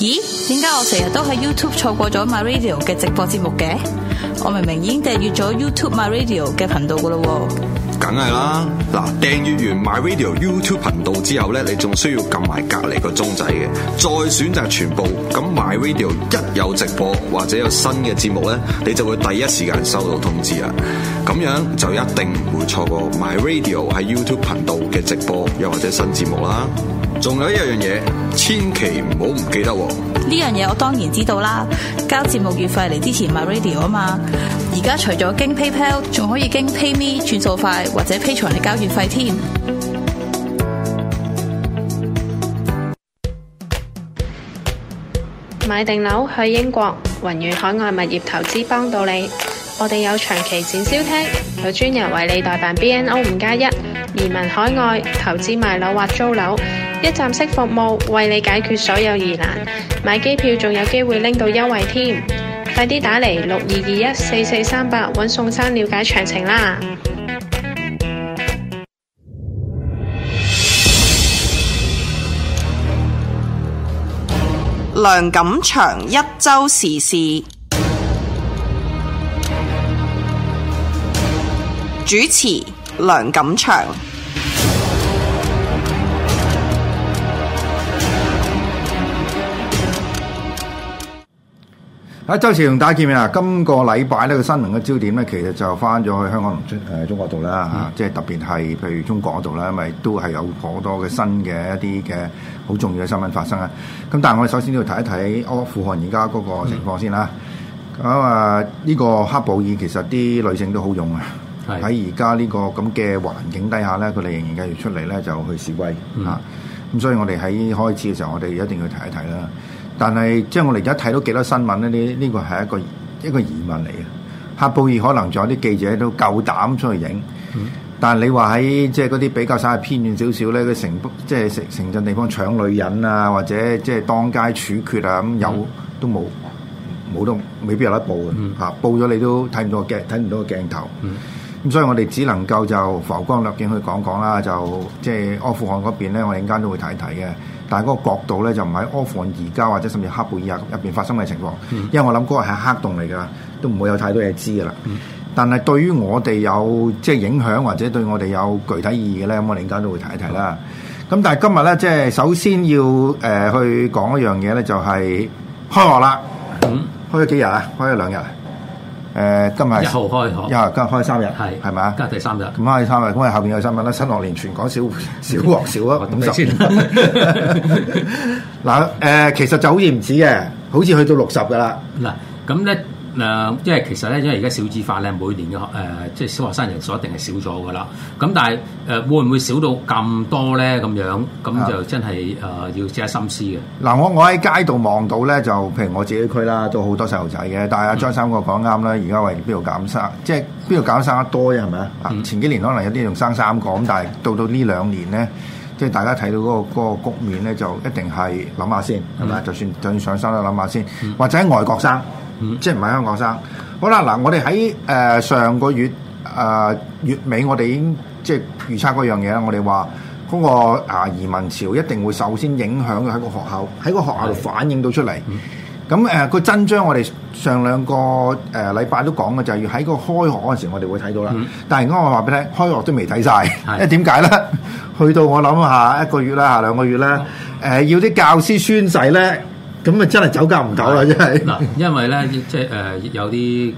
咦？點解我成日都喺 YouTube 錯過咗 My Radio 嘅直播節目嘅？我明明已經訂閱咗 YouTube My Radio 嘅頻道噶咯喎。梗係啦，嗱，訂閱完 My Radio YouTube 頻道之後咧，你仲需要撳埋隔籬個鐘仔嘅，再選擇全部。咁 My Radio 一有直播或者有新嘅節目咧，你就會第一時間收到通知啦！咁樣就一定唔會錯過 My Radio 喺 YouTube 頻道嘅直播又或者新節目啦。仲有一樣嘢，千祈唔好唔記得。呢樣嘢我當然知道啦。交節目月費嚟之前買 radio 啊嘛。而家除咗經 PayPal，仲可以經 PayMe 轉數快，或者 Patreon 嚟交月費添。買定樓去英國，宏遠海外物業投資幫到你。我哋有長期展銷廳，有專人為你代辦 B N O 五加一移民海外投資賣樓或租樓。一站式服務，為你解決所有疑難。買機票仲有機會拎到優惠添，快啲打嚟六二二一四四三八，搵宋生了解詳情啦。梁錦祥，一周時事。主持，梁錦祥。阿周同大家見面啊！今個禮拜呢個新聞嘅焦點咧，其實就翻咗去香港同中國度啦吓，即係特別係譬如中國嗰度啦，因為都係有好多嘅新嘅一啲嘅好重要嘅新聞發生看看、嗯、啊！咁但係我哋首先都要睇一睇阿富汗而家嗰個情況先啦。咁啊呢個喀布爾其實啲女性都好勇啊！喺而家呢個咁嘅環境底下咧，佢哋仍然繼續出嚟咧就去示威吓。咁、嗯啊、所以我哋喺開始嘅時候，我哋一定要睇一睇啦。但係，即係我哋而家睇到幾多新聞咧？呢呢個係一個一個疑問嚟啊！喀布爾可能仲有啲記者都夠膽出去影，嗯、但係你話喺即係嗰啲比較稍微偏遠少少咧，佢城即係城城鎮地方搶女人啊，或者即係當街處決啊咁、嗯、有都冇冇都未必有得報嘅嚇、嗯啊，報咗你都睇唔到個鏡睇唔到個鏡頭。咁、嗯、所以我哋只能夠就浮光掠影去講講啦，就即係阿富汗嗰邊咧，我哋陣間都會睇睇嘅。但嗰個角度咧就唔係安房而家或者甚至喀布爾入面發生嘅情況，嗯、因為我諗嗰個係黑洞嚟㗎，都唔會有太多嘢知㗎啦。嗯、但係對於我哋有即係、就是、影響或者對我哋有具體意義嘅咧，咁我哋而家都會睇一睇啦。咁、嗯、但係今日咧，即、就、係、是、首先要、呃、去講一樣嘢咧，就係、是、開學啦、嗯。開咗幾日啊？開咗兩日。誒、呃、今日一號開學，一號今日開三日開，係係咪啊？今日第三日，咁、嗯、開三日，咁啊後邊有新聞啦，新學年全港小小學少啊，五十。嗱誒 你、 呃呃，其實就好似唔止嘅，好似去到六十噶啦。嗱，咁咧。誒、呃，因為其實咧，因為而家少子化咧，每年嘅誒，即、呃、係、就是、小學生人數一定係少咗噶啦。咁但係誒、呃，會唔會少到咁多咧？咁樣咁就真係誒，呃啊、要即係深思嘅。嗱，我我喺街度望到咧，就譬如我自己區啦，都好多細路仔嘅。但係阿張三個講啱啦，而家係邊度減生，即係邊度減生得多啫？係咪啊？嗯、前幾年可能有啲仲生三個咁，但係到到呢兩年咧，即係大家睇到嗰、那個局、那個、面咧，就一定係諗下先係咪？嗯、就算就算上山都諗下先，嗯、或者喺外國生。嗯、即係唔係香港生？好啦，嗱，我哋喺上個月、呃、月尾我、我哋已經即係預測嗰樣嘢啦。我哋話嗰個啊移民潮一定會首先影響喺個學校，喺個學校度反映到出嚟。咁佢真將我哋上兩個誒、呃、禮拜都講嘅，就係要喺個開學嗰陣時，我哋會睇到啦。但係而家我話俾你聽，開學都未睇晒，因為點解咧？去到我諗下一個月啦，下兩個月呢、嗯呃，要啲教師宣誓咧。咁啊，真係走交唔到啦，真係。嗱，因為咧，即係誒有啲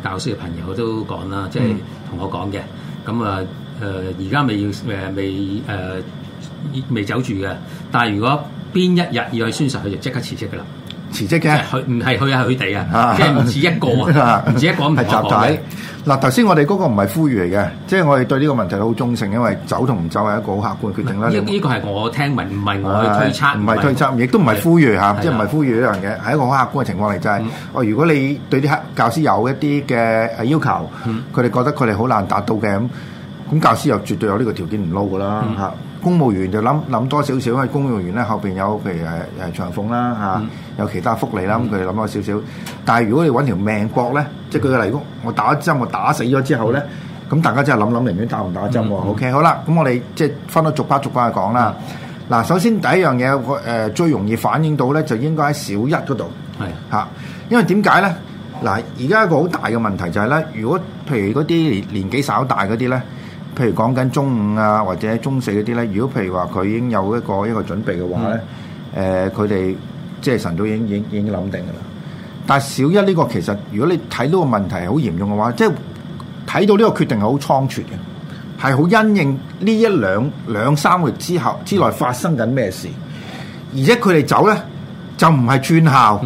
誒教師嘅朋友都講啦，即係同我講嘅。咁、嗯、啊，而、呃、家未要、呃、未誒、呃、未走住嘅，但係如果邊一日要去宣誓，佢就即刻辭職㗎啦。辭職嘅，佢唔係，佢係佢哋啊，即係唔止一個啊，唔止一個，唔係集體。嗱，頭先我哋嗰個唔係呼籲嚟嘅，即係我哋對呢個問題好中性，因為走同唔走係一個好客觀嘅決定啦。呢、呢、呢個係我聽聞，唔係我嘅推測，唔、啊、係推測，亦都唔係呼籲嚇，即係唔係呼籲呢樣嘢，係一個好客觀嘅情況嚟，就係、是、哦、嗯，如果你對啲教師有一啲嘅誒要求，佢、嗯、哋覺得佢哋好難達到嘅，咁咁教師又絕對有呢個條件唔撈噶啦嚇。嗯啊公務員就諗諗多少少，因為公務員咧後邊有譬如誒誒長俸啦嚇，有其他福利啦，咁佢哋諗多少少、嗯。但係如果你揾條命搏咧、嗯，即係佢嘅泥公，我打針我打死咗之後咧，咁、嗯、大家真係諗諗，寧願打唔打針喎、嗯？OK，好啦，咁我哋即係分到逐筆逐筆去講啦。嗱、嗯，首先第一樣嘢誒最容易反映到咧，就應該喺小一嗰度嚇，因為點解咧？嗱，而家一個好大嘅問題就係、是、咧，如果譬如嗰啲年，年紀稍大嗰啲咧。譬如講緊中五啊，或者中四嗰啲咧，如果譬如話佢已經有一個一個準備嘅話咧，誒、嗯，佢、呃、哋即係晨早已經已經已經諗定㗎啦。但係小一呢個其實，如果你睇到個問題係好嚴重嘅話，即係睇到呢個決定係好倉促嘅，係好因應呢一兩兩三個月之後之內發生緊咩事、嗯。而且佢哋走咧，就唔係轉校，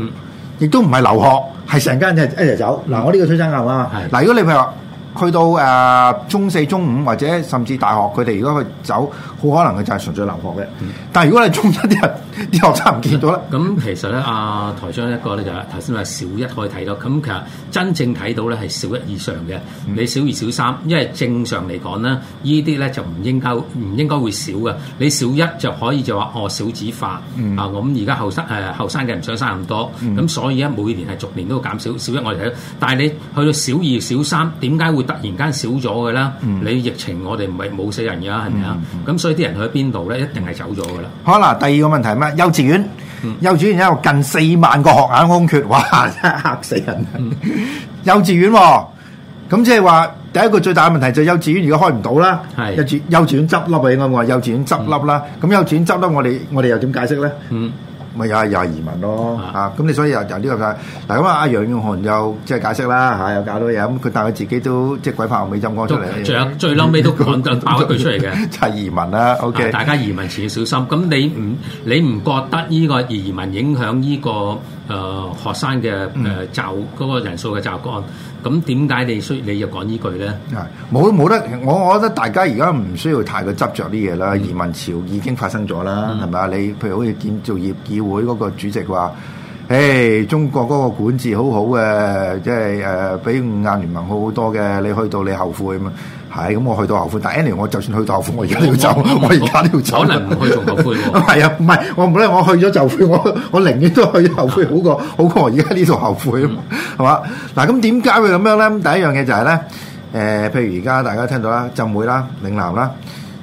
亦、嗯、都唔係留學，係成間嘢一齊走。嗱、嗯，我呢個催生硬㗎嘛。嗱，如果你譬如話，去到、呃、中四、中五或者甚至大學，佢哋如果去走，好可能佢就係純粹留學嘅。嗯、但係如果你中一啲人， 又差唔見咗啦！咁其實咧，阿、啊、台長一個咧就係頭先話小一可以睇到，咁其實真正睇到咧係小一以上嘅。你小二、小三，因為正常嚟講咧，呢啲咧就唔應該唔應該會少嘅。你小一就可以就話哦，少子化、嗯、啊！咁而家後生誒後生嘅唔想生咁多，咁、嗯、所以咧每年係逐年都減少。小一我哋睇到，但係你去到小二、小三，點解會突然間少咗嘅咧？你疫情我哋唔係冇死人㗎啦，係咪啊？咁、嗯嗯嗯、所以啲人去邊度咧，一定係走咗㗎啦。好啦，第二個問題。幼稚園，幼稚園一路近四萬個學眼空缺，哇，嚇死人！幼稚園咁即係話，第一個最大嘅問題就係幼稚園如果開唔到啦，係幼稚園幼稚園執笠啊！應該我話幼稚園執笠啦，咁幼稚園執笠，我哋我哋又點解釋咧？咪又係又係移民咯嚇。咁你所以又由呢、這個曬，嗱咁啊阿楊潤雄又即係解釋啦嚇，又搞到嘢，咁佢但係佢自己都即係鬼拍後尾枕講出嚟，仲有最嬲尾都講爆一句出嚟嘅，就係、是、移民啦。O、OK、K，大家移民前要小心。咁你唔你唔覺得呢個移民影響呢、這個？誒、呃、學生嘅誒就嗰個人數嘅就幹，咁點解你需你又講呢句咧？係冇冇得？我覺得大家而家唔需要太過執着啲嘢啦。嗯、移民潮已經發生咗啦，係咪啊？你譬如好似建造業議會嗰個主席話。誒，中國嗰個管治好好嘅，即係誒，比五眼聯盟好好多嘅。你去到你後悔嘛？係咁，我去到後悔。第一年我就算去到後悔，我而家都要走，我而家都要走。可能我去仲後悔。係啊，唔係我唔咧，我去咗就悔。我我寧願都去後悔，好過好過我而家呢度後悔。係嘛？嗱，咁點解會咁樣咧？咁第一樣嘢就係咧，誒，譬如而家大家聽到啦，浸會啦、嶺南啦，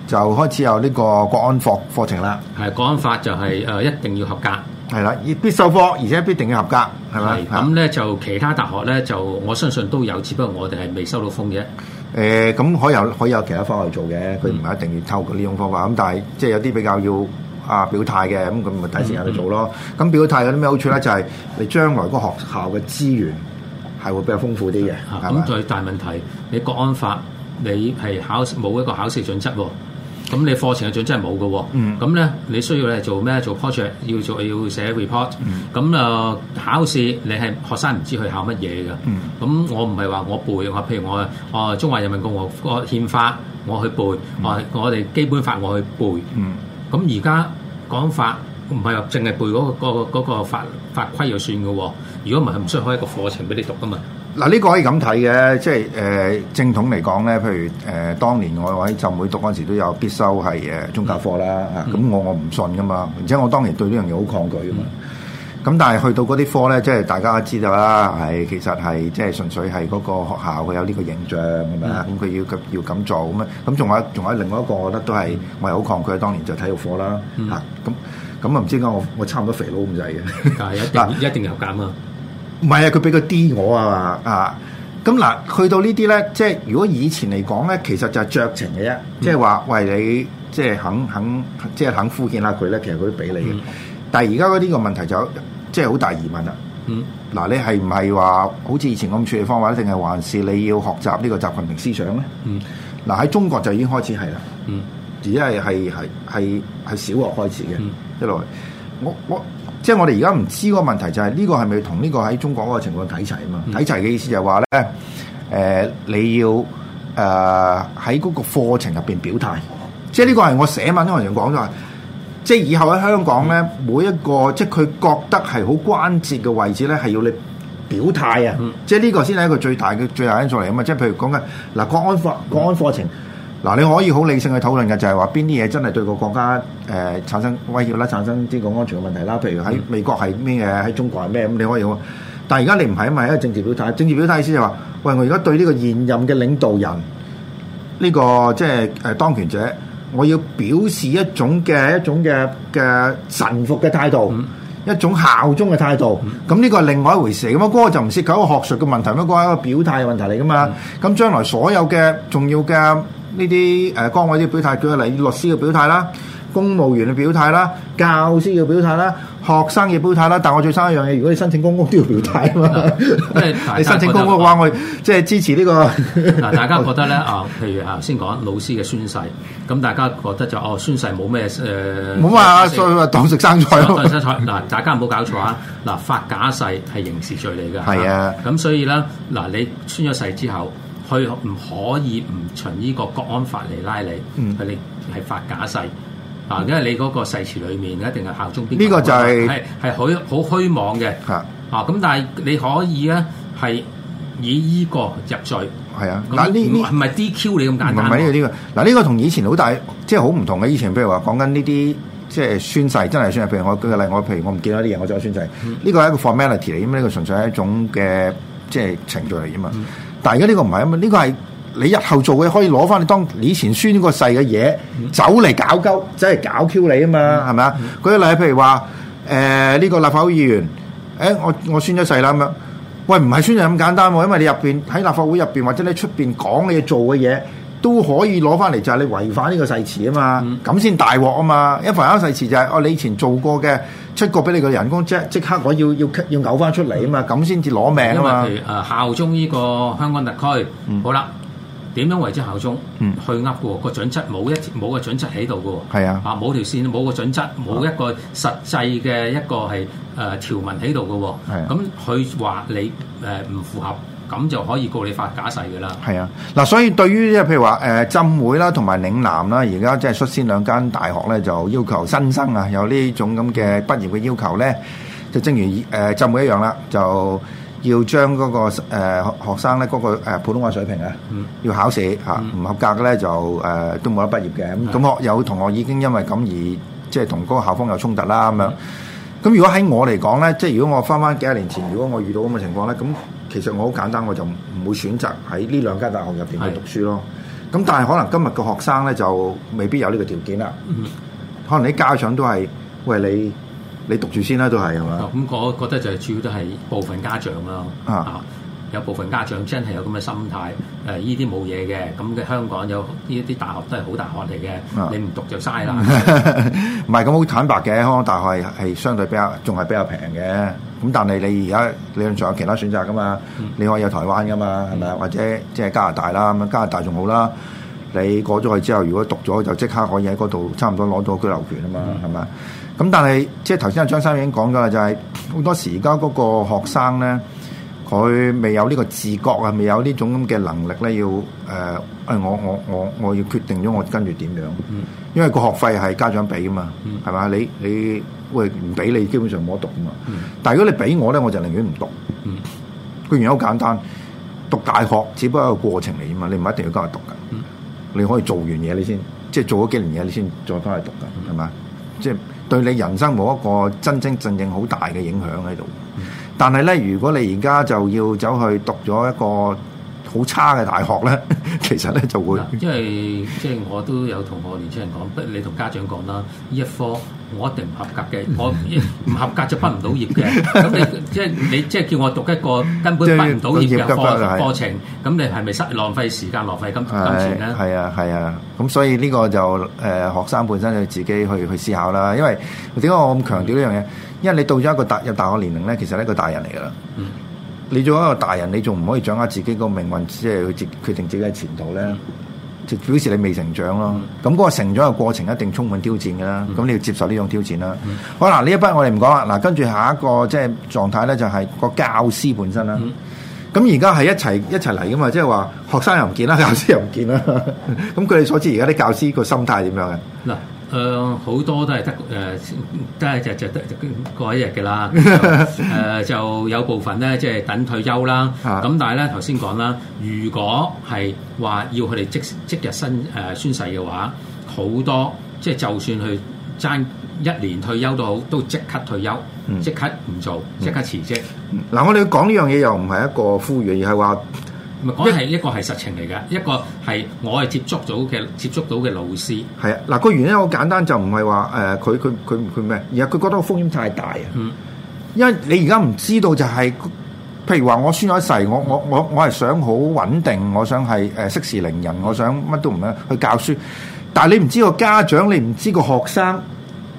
就開始有呢個國安課課程啦。係國安法就係誒，一定要合格。係啦，必修科而且必定要合格，係咪？咁咧就其他大學咧就我相信都有，只不過我哋係未收到封嘅。誒、呃，咁可以有可以有其他科去做嘅，佢唔係一定要透過呢種方法。咁、嗯、但係即係有啲比較要啊表態嘅，咁咁咪第時有去做咯。咁、嗯、表態有啲咩好處咧？就係、是、你將來嗰個學校嘅資源係會比較豐富啲嘅。咁最大問題，你國安法你係考冇一個考試準則喎。咁你課程嘅準則真係冇㗎喎，咁、嗯、咧你需要咧做咩？做 project，要做要寫 report，咁、嗯、啊考試你係學生唔知去考乜嘢嘅。咁、嗯、我唔係話我背，我譬如我啊，我中華人民共和國憲法，我去背，嗯、我我哋基本法我去背。咁而家講法唔係話淨係背嗰、那個嗰個嗰個法、那個、法，法規就算嘅喎、哦，如果唔係唔需要開一個課程俾你讀㗎嘛。嗱、這、呢個可以咁睇嘅，即係誒正統嚟講咧，譬如誒當年我喺浸會讀嗰陣時都有必修係誒宗教課啦，咁、嗯、我我唔信㗎嘛，而且我當年對呢樣嘢好抗拒㗎嘛。咁、嗯、但係去到嗰啲科咧，即係大家知道啦，係其實係即係純粹係嗰個學校佢有呢個形象咁佢、嗯、要咁要咁做咁啊，咁仲有仲有另外一個，我覺得都係我係好抗拒，當年就體育課啦嚇，咁、嗯、咁啊唔知點解我我差唔多肥佬咁滯嘅，但係一定 一定合格嘛。唔係啊，佢俾個啲我啊嘛，啊！咁嗱，去到呢啲咧，即係如果以前嚟講咧，其實就係酌情嘅啫，即係話喂你，即係肯肯，即係肯敷衍下佢咧，其實佢都俾你嘅、嗯。但係而家嗰啲個問題就，即係好大疑問啦。嗯，嗱、啊，你係唔係話好似以前咁處理方法咧，定係還是你要學習呢個習近平思想咧？嗯，嗱、啊、喺中國就已經開始係啦。嗯，而家係係係係係小學開始嘅、嗯，一路我我。我即係我哋而家唔知個問題就係呢個係咪同呢個喺中國嗰個情況睇齊啊嘛？睇齊嘅意思就係話咧，誒、呃、你要誒喺嗰個課程入邊表態。即係呢個係我寫文嗰陣時講咗話，即係以後喺香港咧，每一個即係佢覺得係好關節嘅位置咧，係要你表態啊。嗯、即係呢個先係一個最大嘅最大因素嚟啊嘛。即係譬如講緊嗱，國安課國安課程。嗱、呃嗯，你可以好理性去討論嘅，就係話邊啲嘢真係對個國家誒產生威脅啦，產生呢個安全嘅問題啦。譬如喺美國係咩嘢，喺中國係咩咁，你可以好。但係而家你唔係啊嘛，係一個政治表態。政治表態意思就係話，喂，我而家對呢個現任嘅領導人呢、這個即係誒當權者，我要表示一種嘅一種嘅嘅臣服嘅態度、嗯，一種效忠嘅態度。咁、嗯、呢個係另外一回事。咁啊哥就唔涉及一個學術嘅問題，咁啊哥係一個表態嘅問題嚟噶嘛。咁、嗯、將來所有嘅重要嘅。呢啲誒崗位啲表態，舉例律師嘅表態啦，公務員嘅表態啦，教師嘅表態啦，學生嘅表態啦。但我最生一樣嘢，如果你申請公屋都要表態啊嘛。嗯、 你申請公屋嘅話，我即係支持呢個。嗱，大家覺得咧 啊，譬如頭、啊、先講老師嘅宣誓，咁大家覺得就哦宣誓冇咩誒？冇、呃、啊，所以話當食生菜咯、啊哦。嗱， 大家唔好搞錯啊！嗱，發假誓係刑事罪嚟嘅。係啊，啊。咁所以咧，嗱、啊、你宣咗誓之後。佢唔可以唔循呢個國安法嚟拉你，佢你，係發假誓啊！因為你嗰個誓詞裏面一定係效忠邊個？呢、這個就係係係好好虛妄嘅。嚇啊！咁、啊、但係你可以咧，係以依個入罪係啊。嗱呢呢唔係 DQ 你咁簡單，唔係呢個呢個。嗱呢個同以前好大即係好唔同嘅。以前譬如話講緊呢啲即係宣誓，真係宣係譬如我舉個例如我，我譬如我唔記得啲嘢，我就宣誓。呢個係一個 formality 嚟，咁呢個純粹係一種嘅即係程序嚟㗎嘛。嗯但而家呢個唔係啊嘛，呢、這個係你日後做嘅可以攞翻你當以前宣過誓嘅嘢走嚟搞鳩，走嚟搞 Q 你啊嘛，係咪啊？舉個例，譬如話誒呢個立法會議員，誒、欸、我我宣咗誓啦咁樣，喂唔係宣就咁簡單喎，因為你入邊喺立法會入邊或者你出邊講嘅嘢做嘅嘢。都可以攞翻嚟，就係、是、你違反呢個誓詞啊嘛，咁先大鑊啊嘛。一凡有誓詞就係、是，哦，你以前做過嘅出過俾你嘅人工，即即刻我要要要嘔翻出嚟啊嘛，咁先至攞命啊嘛。因為、呃、效忠呢個香港特區，嗯、好啦，點樣為之效忠？嗯、去呃、嗰個準個,準、啊啊、個準則，冇一冇個準則喺度嘅喎。啊，啊冇條線，冇個準則，冇一個實際嘅一個係誒、呃、條文喺度嘅喎。係、啊，咁佢話你誒唔、呃、符合。咁就可以告你發假誓㗎啦。係啊，嗱，所以對於即係譬如話誒浸會啦，同埋嶺南啦，而家即係率先兩間大學咧，就要求新生啊，有呢種咁嘅畢業嘅要求咧，就正如誒浸會一樣啦，就要將嗰個誒學生咧嗰個誒普通話水平啊，要考試吓、嗯、唔合格咧就誒都冇得畢業嘅。咁我有同學已經因為咁而即係同嗰個校方有衝突啦咁樣。咁如果喺我嚟講咧，即係如果我翻翻幾十年前，如果我遇到咁嘅情況咧，咁。其實我好簡單，我就唔會選擇喺呢兩間大學入邊去讀書咯。咁但係可能今日嘅學生咧就未必有呢個條件啦、嗯。可能啲家長都係喂，你，你讀住先啦，都係係嘛？咁、嗯嗯、我覺得就係主要都係部分家長啦、啊。啊，有部分家長真係有咁嘅心態，誒、呃，呢啲冇嘢嘅。咁嘅香港有呢一啲大學都係好大學嚟嘅、啊，你唔讀就嘥啦。唔係咁好坦白嘅，香港大學係係相對比較，仲係比較平嘅。咁但係你而家理論上仲有其他選擇㗎嘛？你可以有台灣㗎嘛，係咪？或者即係加拿大啦，咁加拿大仲好啦。你過咗去之後，如果讀咗就即刻可以喺嗰度差唔多攞到居留權啊嘛，係咪？咁、嗯、但係即係頭先阿張生已經講咗啦，就係好多時而家嗰個學生咧。佢未有呢個自覺啊，未有呢種咁嘅能力咧，要誒，誒、呃、我我我我要決定咗我跟住點樣？因為個學費係家長俾噶嘛，係、嗯、咪？你你喂唔俾你，基本上冇得讀噶嘛。但係如果你俾我咧，我就寧願唔讀。個、嗯、原因好簡單，讀大學只不過係個過程嚟噶嘛，你唔一定要今日讀噶、嗯。你可以做完嘢你先，即係做咗幾年嘢你先再翻去讀噶，係、嗯、咪？即係對你人生冇一個真真正正好大嘅影響喺度。但係咧，如果你而家就要走去讀咗一個好差嘅大學咧，其實咧就會，因為即係我都有同我年青人講，不如你同家長講啦，呢一科我一定唔合格嘅，我唔合格就畢唔到業嘅。咁 你即係你即係叫我讀一個根本畢唔到業嘅、就係、課,課程，咁你係咪失浪費時間、浪費金金錢咧？係啊，係啊，咁所以呢個就誒、呃、學生本身要自己去去思考啦。因為點解我咁強調呢樣嘢？因為你到咗一個大有大學年齡咧，其實係一個大人嚟噶啦。你做一個大人，你仲唔可以掌握自己個命運，即係去決定自己嘅前途咧？就表示你未成長咯。咁、嗯、嗰個成長嘅過程一定充滿挑戰噶啦。咁、嗯、你要接受呢種挑戰啦、嗯。好啦，呢一筆我哋唔講啦。嗱，跟住下一個即係狀態咧，就係個教師本身啦。咁而家係一齊一齊嚟噶嘛？即係話學生又唔見啦，教師又唔見啦。咁據你所知，而家啲教師個心態點樣啊？嗱。誒、呃、好多都係得誒，都係就就得，得，得，得，得過一日嘅啦。誒、 呃、就有部分咧，即、就、係、是、等退休啦。咁 但係咧，頭先講啦，如果係話要佢哋即即日宣誒、呃、宣誓嘅話，好多即係、就是、就算佢爭一年退休都好，都即刻退休，即、嗯、刻唔做，即刻辭職、嗯。嗱、嗯嗯，我哋講呢樣嘢又唔係一個呼籲，而係話。唔係，係一個係實情嚟嘅，一個係我係接觸到嘅接觸到嘅老師係啊，嗱、個原因好簡單，就唔係話誒佢佢佢佢咩？而係佢覺得個風險太大啊！嗯，因為你而家唔知道就係、是，譬如話我孫咗一世，我我我我係想好穩定，我想係誒息事寧人，我想乜都唔想去教書，但係你唔知個家長，你唔知個學生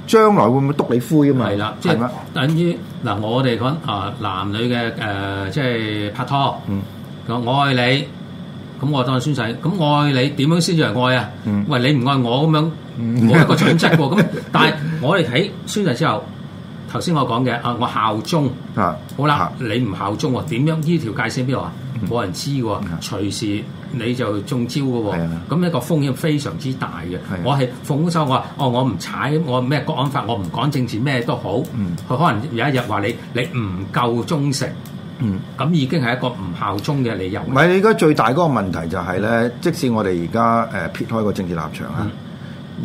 將來會唔會督你灰咪啦？即係等於嗱、呃，我哋講啊，男女嘅誒、呃，即係拍拖。嗯。我愛你，咁我當孫仔，咁愛你點樣先至係愛啊、嗯？喂，你唔愛我咁樣，冇一個準則嘅。咁 但係我哋睇孫仔之後，頭先我講嘅啊，我效忠，啊、好啦，啊、你唔效忠，點樣呢條界線邊度、嗯嗯、啊？冇人知嘅，隨時你就中招嘅，咁、嗯、一個風險非常之大嘅、嗯。我係奉公守法，我話哦，我唔踩，我咩國安法，我唔講政治咩都好，佢、嗯、可能有一日話你，你唔夠忠誠。嗯，咁已經係一個唔效忠嘅理由。唔係，你而家最大嗰個問題就係、是、咧、嗯，即使我哋而家撇開個政治立場啊、嗯，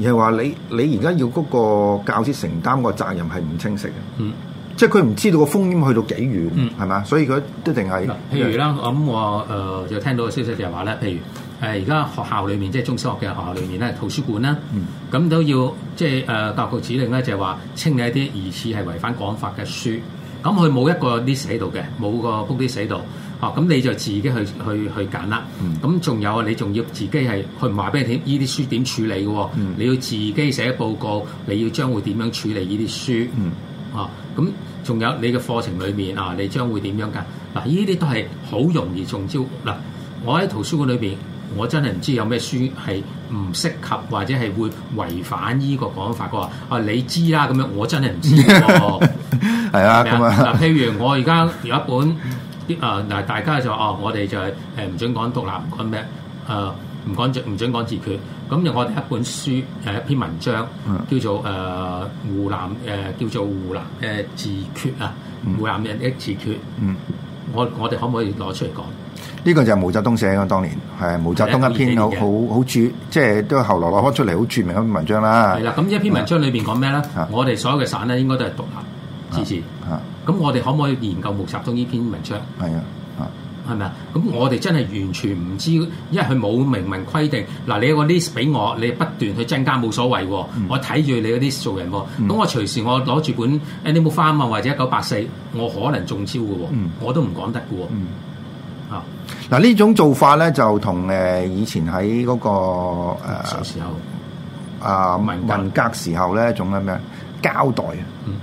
而係話你你而家要嗰個教師承擔個責任係唔清晰嘅。嗯，即係佢唔知道個風險去到幾遠，係、嗯、嘛？所以佢一定係，譬如啦，咁我、呃、就聽到嘅消息就係話咧，譬如而家、呃、學校裏面即係、就是、中小學嘅學校裏面咧，圖書館啦，咁、嗯、都要即係、就是呃、教育局指令咧，就係、是、話清理一啲疑似係違反港法嘅書。咁佢冇一個 list 喺度嘅，冇個 book list 喺度，啊咁你就自己去去去揀啦。咁、嗯、仲有你仲要自己係去話俾你聽，呢啲書點處理嘅、哦嗯？你要自己寫一報告，你要將會點樣處理呢啲書、嗯？啊，咁仲有你嘅課程裏面啊，你將會點樣噶？嗱，呢啲都係好容易中招嗱、啊。我喺圖書館裏面，我真係唔知有咩書係唔適合或者係會違反呢個講法嘅啊，你知啦，咁樣我真係唔知、哦。 係啊，嗱，譬如我而家有一本啲，誒，嗱，大家就說哦，我哋就係誒唔准講獨立，唔講咩，誒、呃，唔講唔准講自決，咁就我哋一本書，誒，一篇文章，叫做誒湖、呃、南，誒，叫做湖南嘅自決啊，湖南人嘅自決，嗯，嗯我我哋可唔可以攞出嚟講？呢、這個就係毛澤東寫嘅，當年係毛澤東一篇好好好著，即係都後來攞出嚟好著名嘅文章啦。係啦，咁呢一篇文章裏邊講咩咧？我哋所有嘅省咧，應該都係獨立。支持嚇，咁、啊、我哋可唔可以研究、毛澤東呢篇文章？係啊，啊，係咪啊？咁我哋真係完全唔知，因為佢冇明文規定。嗱，你有個 list 俾我，你不斷去增加冇所謂喎、嗯。我睇住你個 list 做人喎。咁、嗯、我隨時我攞住本《Animal Farm》啊，或者一九八四，我可能中招嘅喎。我都唔講得嘅喎、嗯。啊，嗱呢種做法咧就同誒以前喺嗰、那個誒、呃、時候啊文革，文革時候咧一種咩？樣交代啊。嗯。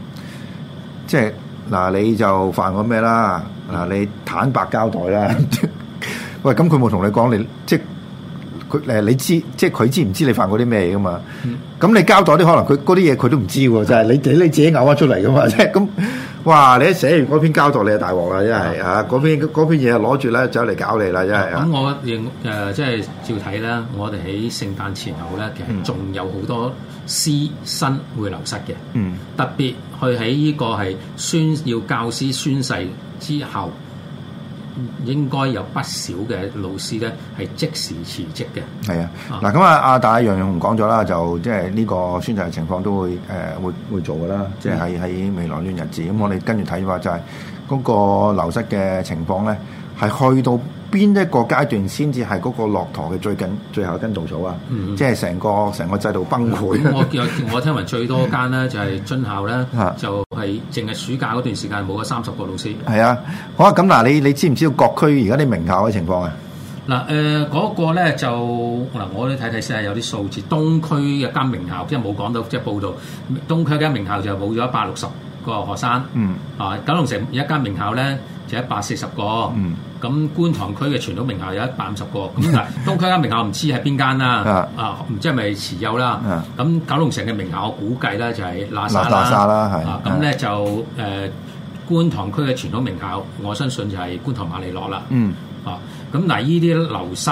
即係嗱，你就犯過咩啦？嗱，你坦白交代啦。 喂，咁佢冇同你講，你即係佢誒，你知即係佢知唔知你犯過啲咩嘢噶嘛？咁、嗯、你交代啲可能佢嗰啲嘢佢都唔知喎， 就係你你自己嘔翻出嚟噶嘛？即係咁。 哇！你一寫完嗰篇交代，你就大鑊啦，真、嗯、係啊！嗰篇篇嘢攞住咧，走嚟搞你啦，真、啊、係。咁、嗯、我認誒、呃，即係照睇啦。我哋喺聖誕前後咧，其實仲有好多師生會流失嘅、嗯，特別佢喺呢個係宣要教師宣誓之後。應該有不少嘅老師咧，係即時辭職嘅。係啊，嗱咁啊，阿、啊啊、大楊永紅講咗啦，就即係呢個宣誓嘅情況都會誒、呃，會會做㗎啦，即係喺喺未來呢段日子。咁我哋跟住睇話就係、是、嗰個流失嘅情況咧，係去到。邊一個階段先至係嗰個駱駝嘅最緊最後一根稻草啊？嗯、即係成個成個制度崩潰、嗯。我我我聽聞最多間咧就係津校咧、嗯嗯，就係淨係暑假嗰段時間冇咗三十個老師。係啊，好啊。咁嗱，你你知唔知道各區而家啲名校嘅情況啊？嗱，誒嗰個咧就嗱，我哋睇睇先，有啲數字。東區一間名校即係冇講到，即係報道東區一間名校就冇咗一百六十個學生。嗯。啊，九龍城一間名校咧，就一百四十個。嗯。咁觀塘區嘅傳統名校有一百五十個，咁 啊東區間名校唔知喺邊間啦， 啊唔知係咪慈幼啦，咁、 啊、九龍城嘅名校我估計咧就係喇沙喇沙啦，咁咧、啊、就誒、 呃、觀塘區嘅傳統名校，我相信就係觀塘馬利諾啦，嗯，哦、啊，咁嗱呢啲流失。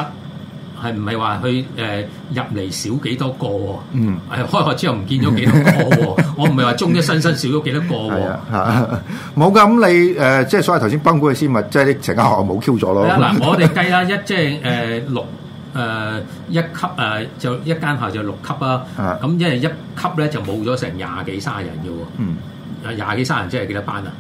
係唔係話佢誒入嚟少幾多少個、啊？嗯、啊，係開學之後唔見咗幾多個、啊？嗯、我唔係話中一新生少咗幾多個啊 啊？係冇噶。咁你誒，即係所謂頭先崩潰嘅先物，即係啲成間學校冇 Q 咗咯、啊。嗱、啊，我哋計啦，一即係誒六誒一級誒就一間校就六級啦、啊。咁、啊啊、因為一級咧就冇咗成廿幾卅人嘅、啊。嗯，廿廿幾卅人即係幾多班啊？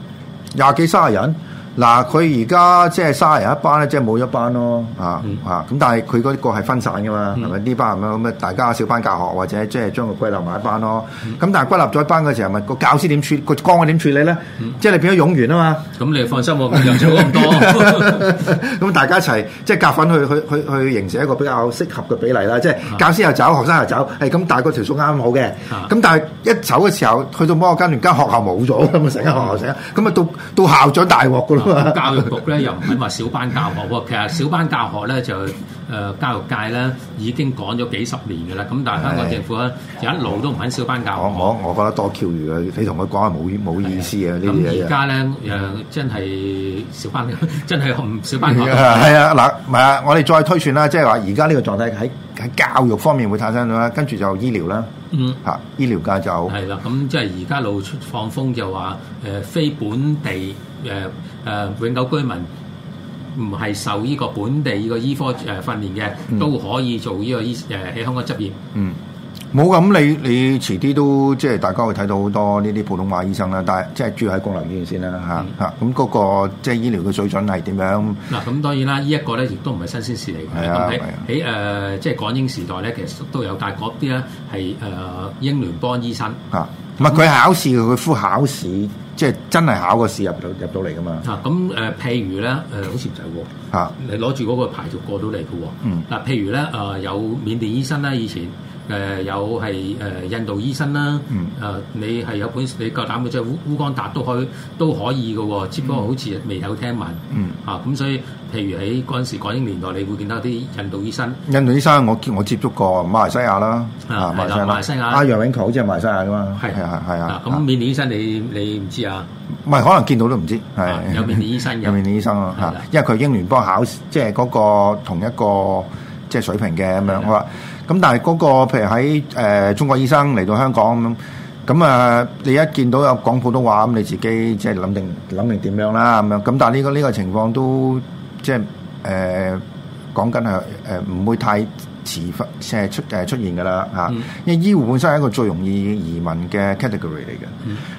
廿幾卅人。嗱，佢而家即係三人一班咧，即係冇一班咯，啊、嗯、啊！咁但係佢嗰一個係分散噶嘛，係、嗯、咪？呢班咁啊，大家小班教學或者即係將佢歸納埋一班咯。咁、嗯、但係歸納咗一班嘅時候，咪個教師點處個光點處理咧、嗯？即係你變咗冗員啊嘛！咁、嗯、你放心喎，佢入咗咁多，咁 大家一齊即係夾份去去去去形成一個比較適合嘅比例啦。即係教師又走，學生又走，係、哎、咁，大係個條數啱啱好嘅。咁、啊、但係一走嘅時候，去到某個間連家學間學校冇咗，咁啊成間學校成，咁啊到到校長大鑊噶。 教育局咧又唔肯話小班教學喎，其實小班教學咧就誒、呃、教育界咧已經講咗幾十年噶啦，咁但係香港政府咧就一路都唔肯小班教學。 我我，我覺得多鳩餘啊，你同佢講係冇冇意思嘅呢啲嘢而家咧誒真係小班真係唔小班教學。係 啊嗱，唔係啊，啊，啊，我哋再推算啦，即係話而家呢個狀態喺喺教育方面會產生咗啦，跟住就醫療啦，嗯吓、啊、醫療界就係啦，咁即係而家露出放風就話誒、呃、非本地。誒、呃、誒，永久居民唔係受依個本地呢個醫科誒訓練嘅、嗯，都可以做呢個醫誒喺、呃、香港執業。嗯，冇咁你你遲啲都即係大家會睇到好多呢啲普通話醫生啦。但係即係住喺公立醫院先啦，嚇、嗯、嚇。咁、啊、嗰、嗰個即係醫療嘅水準係點樣？嗱、啊，咁當然啦，呢個、呢一個咧亦都唔係新鮮事嚟嘅。係啊，喺誒、啊呃、即係港英時代咧，其實都有，但係嗰啲咧係誒英聯邦醫生。嚇、啊，唔係佢考試，佢敷考試。即係真係考個試入，入到入到嚟噶嘛？啊，咁誒、呃，譬如咧，誒、呃，好似唔使喎。你攞住嗰個牌就過到嚟嘅喎。嗯。嗱，譬如咧，誒、呃，有緬甸醫生啦，以前誒、呃、有係誒、呃、印度醫生啦。嗯。誒、呃，你係有本事，你夠膽嘅，即係烏烏干達都可以，都可以嘅喎、哦。只不過好似未有聽聞。嗯。嚇、啊，咁所以。譬如喺嗰陣時港英年代，你會見到啲印度醫生。印度醫生，我我接觸過馬來西亞啦，啊馬來西亞啊楊永強好似係馬來西亞噶嘛。係係係係啊！咁緬甸醫生你你唔知啊？唔係，可能見到都唔知係有緬甸醫生，有緬甸醫生咯嚇，因為佢英聯邦考試，即係嗰個同一個即係水平嘅咁樣啦。咁但係嗰個譬如喺誒中國醫生嚟到香港咁，咁啊你一見到有講普通話咁，你自己即係諗定諗定點樣啦咁樣。咁但係呢個呢個情況都。即係誒講緊係誒唔會太遲忽誒出誒出現㗎啦、嗯、因為醫護本身係一個最容易移民嘅 category 嚟嘅。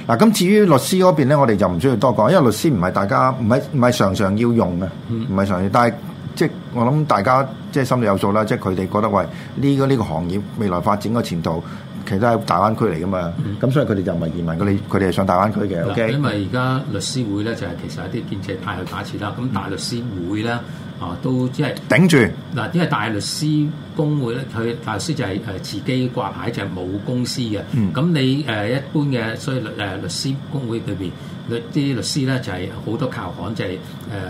嗱、嗯、咁至於律師嗰邊咧，我哋就唔需要多講，因為律師唔係大家唔係唔係常常要用嘅，唔係常用常。嗯、但係即係我諗大家即係心裏有數啦，即係佢哋覺得喂呢個呢個行業未來發展嘅前途。成日其實都喺大灣區嚟㗎嘛，咁所以佢哋就唔係移民，佢哋佢哋係上大灣區嘅。O、OK? K，因為而家律師會咧就係、是、其實一啲建制派去打刺啦，咁大律師會咧啊都即、就、係、是、頂住嗱，因為大律師公會咧，佢大律師就係誒自己掛牌，就係、是、冇公司嘅。嗯，咁你誒、呃、一般嘅，所以律誒、呃、律師公會裏邊律啲律師咧就係、是、好多靠行、就是，就係誒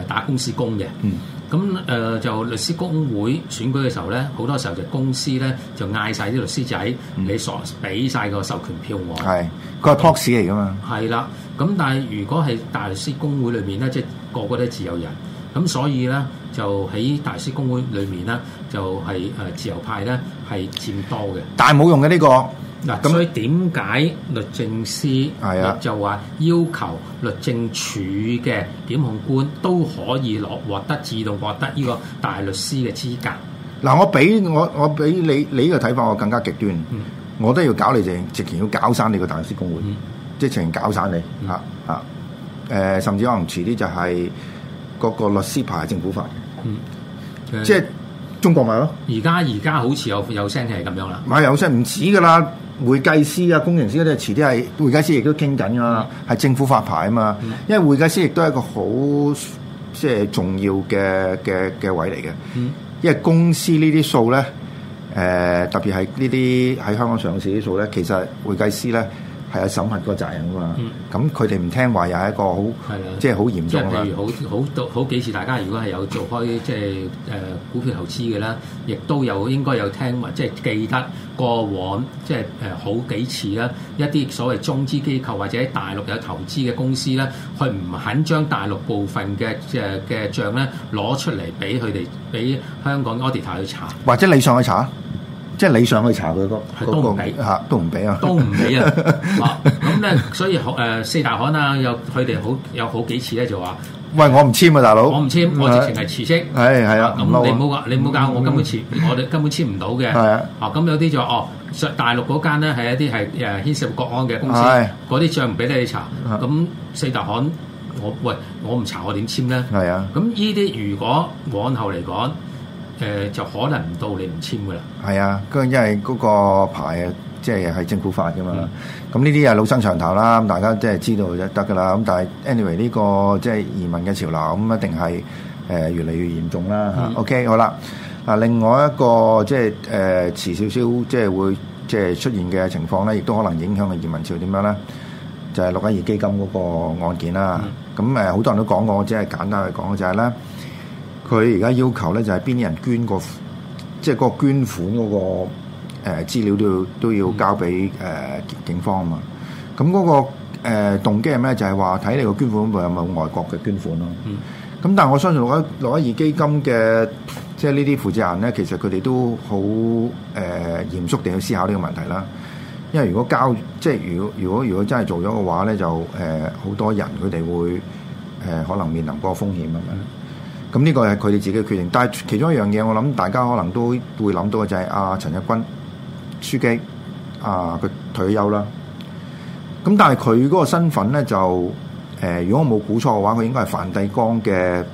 打公司工嘅。嗯。咁誒、呃、就律師公會選舉嘅時候咧，好多時候就公司咧就嗌晒啲律師仔，嗯、你傻，俾晒個授權票我，佢係 proxy 嚟噶嘛。係啦，咁、嗯、但係如果係大律師公會裏面咧，即、就、係、是、個個都係自由人，咁所以咧就喺大律師公會裏面咧，就係、是、誒自由派咧係佔多嘅，但係冇用嘅呢、這個。嗱，咁所以點解律政司就話要求律政處嘅檢控官都可以攞獲得自動獲得呢個大律師嘅資格？嗱，我俾我我俾你你呢個睇法，我更加極端，嗯、我都要搞你啫，直情要搞散你個大律師公會，嗯、即直情搞散你嚇嚇，誒、嗯啊啊、甚至可能遲啲就係個個律師牌係政府發嘅、嗯嗯，即係中國咪咯？而家而家好似有有聲係咁樣啦，咪有聲唔似噶啦～會計師啊，工程師嗰啲，遲啲係會計師亦都傾緊㗎喇，係、嗯、政府發牌啊嘛、嗯，因為會計師亦都係一個好即係重要嘅嘅嘅位嚟嘅、嗯，因為公司這些呢啲數咧，誒、呃、特別係呢啲喺香港上市啲數咧，其實會計師咧。係有審核個責任噶嘛？咁佢哋唔聽話又係一個好，即係好嚴重。即係譬如好好好、好、好、呃呃、好幾次，大家如果係有做開即係誒股票投資嘅啦，亦都有應該有聽聞，即係記得過往即係誒好幾次啦。一啲所謂中資機構或者喺大陸有投資嘅公司咧，佢唔肯將大陸部分嘅嘅嘅帳咧攞出嚟俾佢哋，俾香港 auditor 去查，或者你上去查。即係你上去查佢個，都唔俾、啊、都唔俾啊， 啊，都唔俾啊。咁咧，所以、呃、四大行啊，有佢哋好有好幾次咧，就話：喂，我唔簽啊，大佬，我唔簽，我直情係辭職。啊，咁、啊嗯、你唔好你唔好搞，我根本籤，我哋根本簽唔到嘅。係啊。咁有啲就話：哦，大陸嗰間咧係一啲係誒牽涉國安嘅公司，嗰啲帳唔俾你查。咁四大行，我喂，我唔查，我點籤咧？係啊，啊。咁呢啲如果往後嚟講。誒就可能唔到你唔簽噶啦，係啊，因為嗰個牌啊，即係係政府發噶嘛。咁呢啲係老生常談啦，咁大家即係知道就得噶啦。咁但係 anyway 呢個即係移民嘅潮流，咁一定係誒越嚟越嚴重啦。OK 好啦，啊另外一個即係誒遲少少即係會即係出現嘅情況咧，亦都可能影響嘅移民潮點樣咧？就係612基金嗰個案件啦。咁誒好多人都講過，我只係簡單嚟講就係咧。佢而家要求咧，就係邊啲人捐個，即係嗰個捐款嗰個誒資料都要都要交俾誒、呃、警方啊嘛。咁嗰、那個誒、呃、動機係咩？就係話睇你個捐款度有冇外國嘅捐款咯。咁、嗯、但係我相信六一六一二基金嘅即係呢啲負責人咧，其實佢哋都好誒、呃、嚴肅地去思考呢個問題啦。因為如果交即係、就是、如果如果如果真係做咗嘅話咧，就誒好、呃、多人佢哋會誒、呃、可能面臨嗰個風險咁樣。嗯。咁呢個係佢哋自己嘅決定，但係其中一樣嘢，我諗大家可能都會諗到嘅就係、是、阿、啊、陳日君樞機啊，佢退休啦。咁但係佢嗰個身份咧就誒、呃，如果我冇估錯嘅話，佢應該係梵蒂岡嘅誒，揸、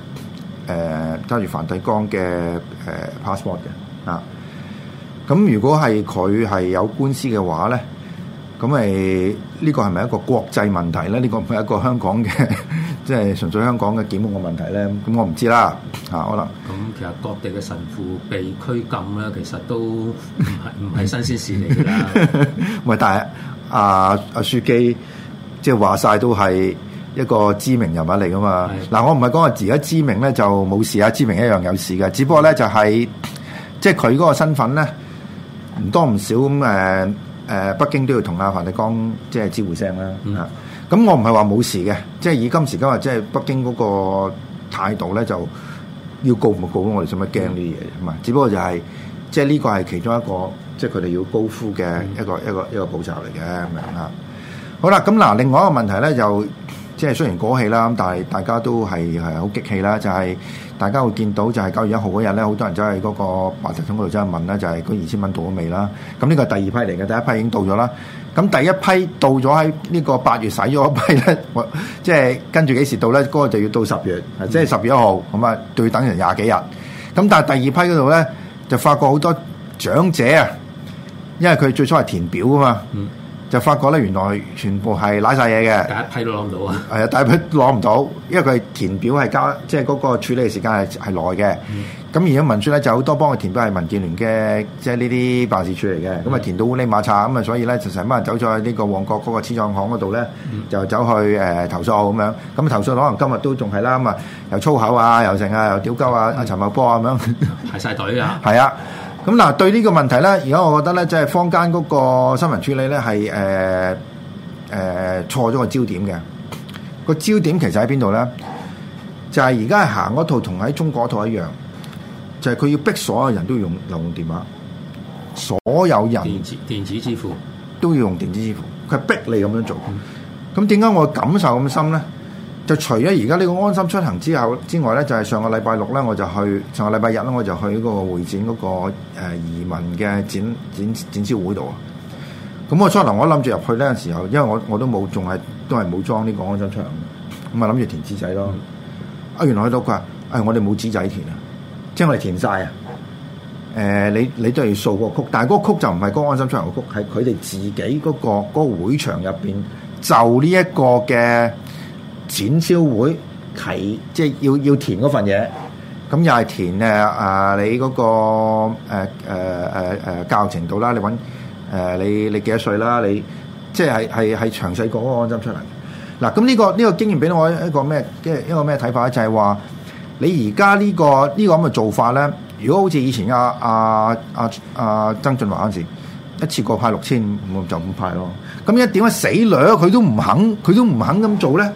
呃、住梵蒂岡嘅 passport 嘅啊。咁如果係佢係有官司嘅話咧，咁係呢個係咪一個國際問題咧？呢、這個唔係一個香港嘅。 即係純粹香港嘅檢控嘅問題咧，咁我唔知啦。啊，可能。咁其實各地嘅神父被拘禁咧，其實都唔係唔係新鮮事嚟啦 。唔係，但係阿阿書記即係話晒都係一個知名人物嚟噶嘛。嗱，我唔係講話自家知名咧就冇事啊，知名一樣有事嘅。只不過咧就係、是、即係佢嗰個身份咧唔多唔少咁誒誒，北京都要同阿梵蒂岡即係知會聲啦。嗯。咁我唔係話冇事嘅，即係以今時今日，即係北京嗰個態度咧，就要告唔告我哋使乜驚呢啲嘢？唔嘛、嗯、只不過就係、是、即係呢個係其中一個，即係佢哋要高呼嘅一個、嗯、一個一個，一個補習嚟嘅咁樣吓好啦，咁嗱，另外一個問題咧，就即係雖然過氣啦，咁但係大家都係係好激氣啦，就係、是、大家會見到就係九月一號嗰日咧，好多人走喺嗰個白石通嗰度走去問呢就係嗰二千蚊到咗未啦？咁呢個第二批嚟嘅，第一批已經到咗啦。咁第一批到咗喺呢個八月使咗一批咧，我即係、就是、跟住幾時到咧？嗰、那個就要到十月，即係十月一號，咁、嗯、啊，就要等人廿幾日。咁但係第二批嗰度咧，就發覺好多長者啊，因為佢最初係填表㗎嘛。嗯就發覺咧，原來全部係拉晒嘢嘅。第一批都攞唔到啊！係啊，第一批攞唔到，因為佢係填表係交，即係嗰個處理嘅時間係係耐嘅。咁、嗯、而家文書咧就好多幫佢填表係民建聯嘅，即係呢啲辦事處嚟嘅。咁、嗯、啊填到烏哩馬叉，咁啊所以咧就成班人走咗去呢個旺角嗰個儲藏行嗰度咧，就走去誒、呃、投訴咁樣。咁投訴可能今日都仲係啦，咁啊又粗口啊，又成又啊，又屌鳩啊，阿陳茂波啊，咁樣排晒隊啊！係 啊！咁嗱，對呢個問題咧，而家我覺得咧，即係坊間嗰個新聞處理咧，係誒誒錯咗個焦點嘅。個焦點其實喺邊度咧？就係而家行嗰套同喺中國嗰套一樣，就係、是、佢要逼所有人都用流動電話，所有人電子支付都要用電子支付，佢係逼你咁樣做。咁點解我感受咁深咧？就除咗而家呢個安心出行之後之外咧，就係、是、上個禮拜六咧，我就去上個禮拜日咧，我就去嗰個會展嗰、那個、呃、移民嘅展展展銷會度啊。咁我初頭，我諗住入去呢陣時候，因為我我都冇仲係都係冇裝呢個安心出行，咁啊諗住填紙仔咯。啊、嗯，原來佢都話，誒、哎，我哋冇紙仔填啊，即係我哋填晒啊。誒、呃，你你都要掃個曲，但係嗰個曲就唔係嗰個安心出行個曲，係佢哋自己嗰、那個嗰、那個會場入邊就呢一個嘅。展銷會係即係要要填嗰份嘢，咁又係填誒啊、呃！你嗰、嗰個誒誒誒教育程度啦，你揾誒、呃、你你幾多歲啦？你即係係係詳細過嗰、這個案執出嚟。嗱，咁呢個呢個經驗俾我一個咩？即係一個咩睇法？就係、係、話你而家呢個呢、呢個咁嘅做法咧，如果好似以前阿阿阿阿曾俊華嗰陣時，一次過派六千，五就五派咯。咁一點解死卵佢都唔肯，佢都唔肯咁做咧？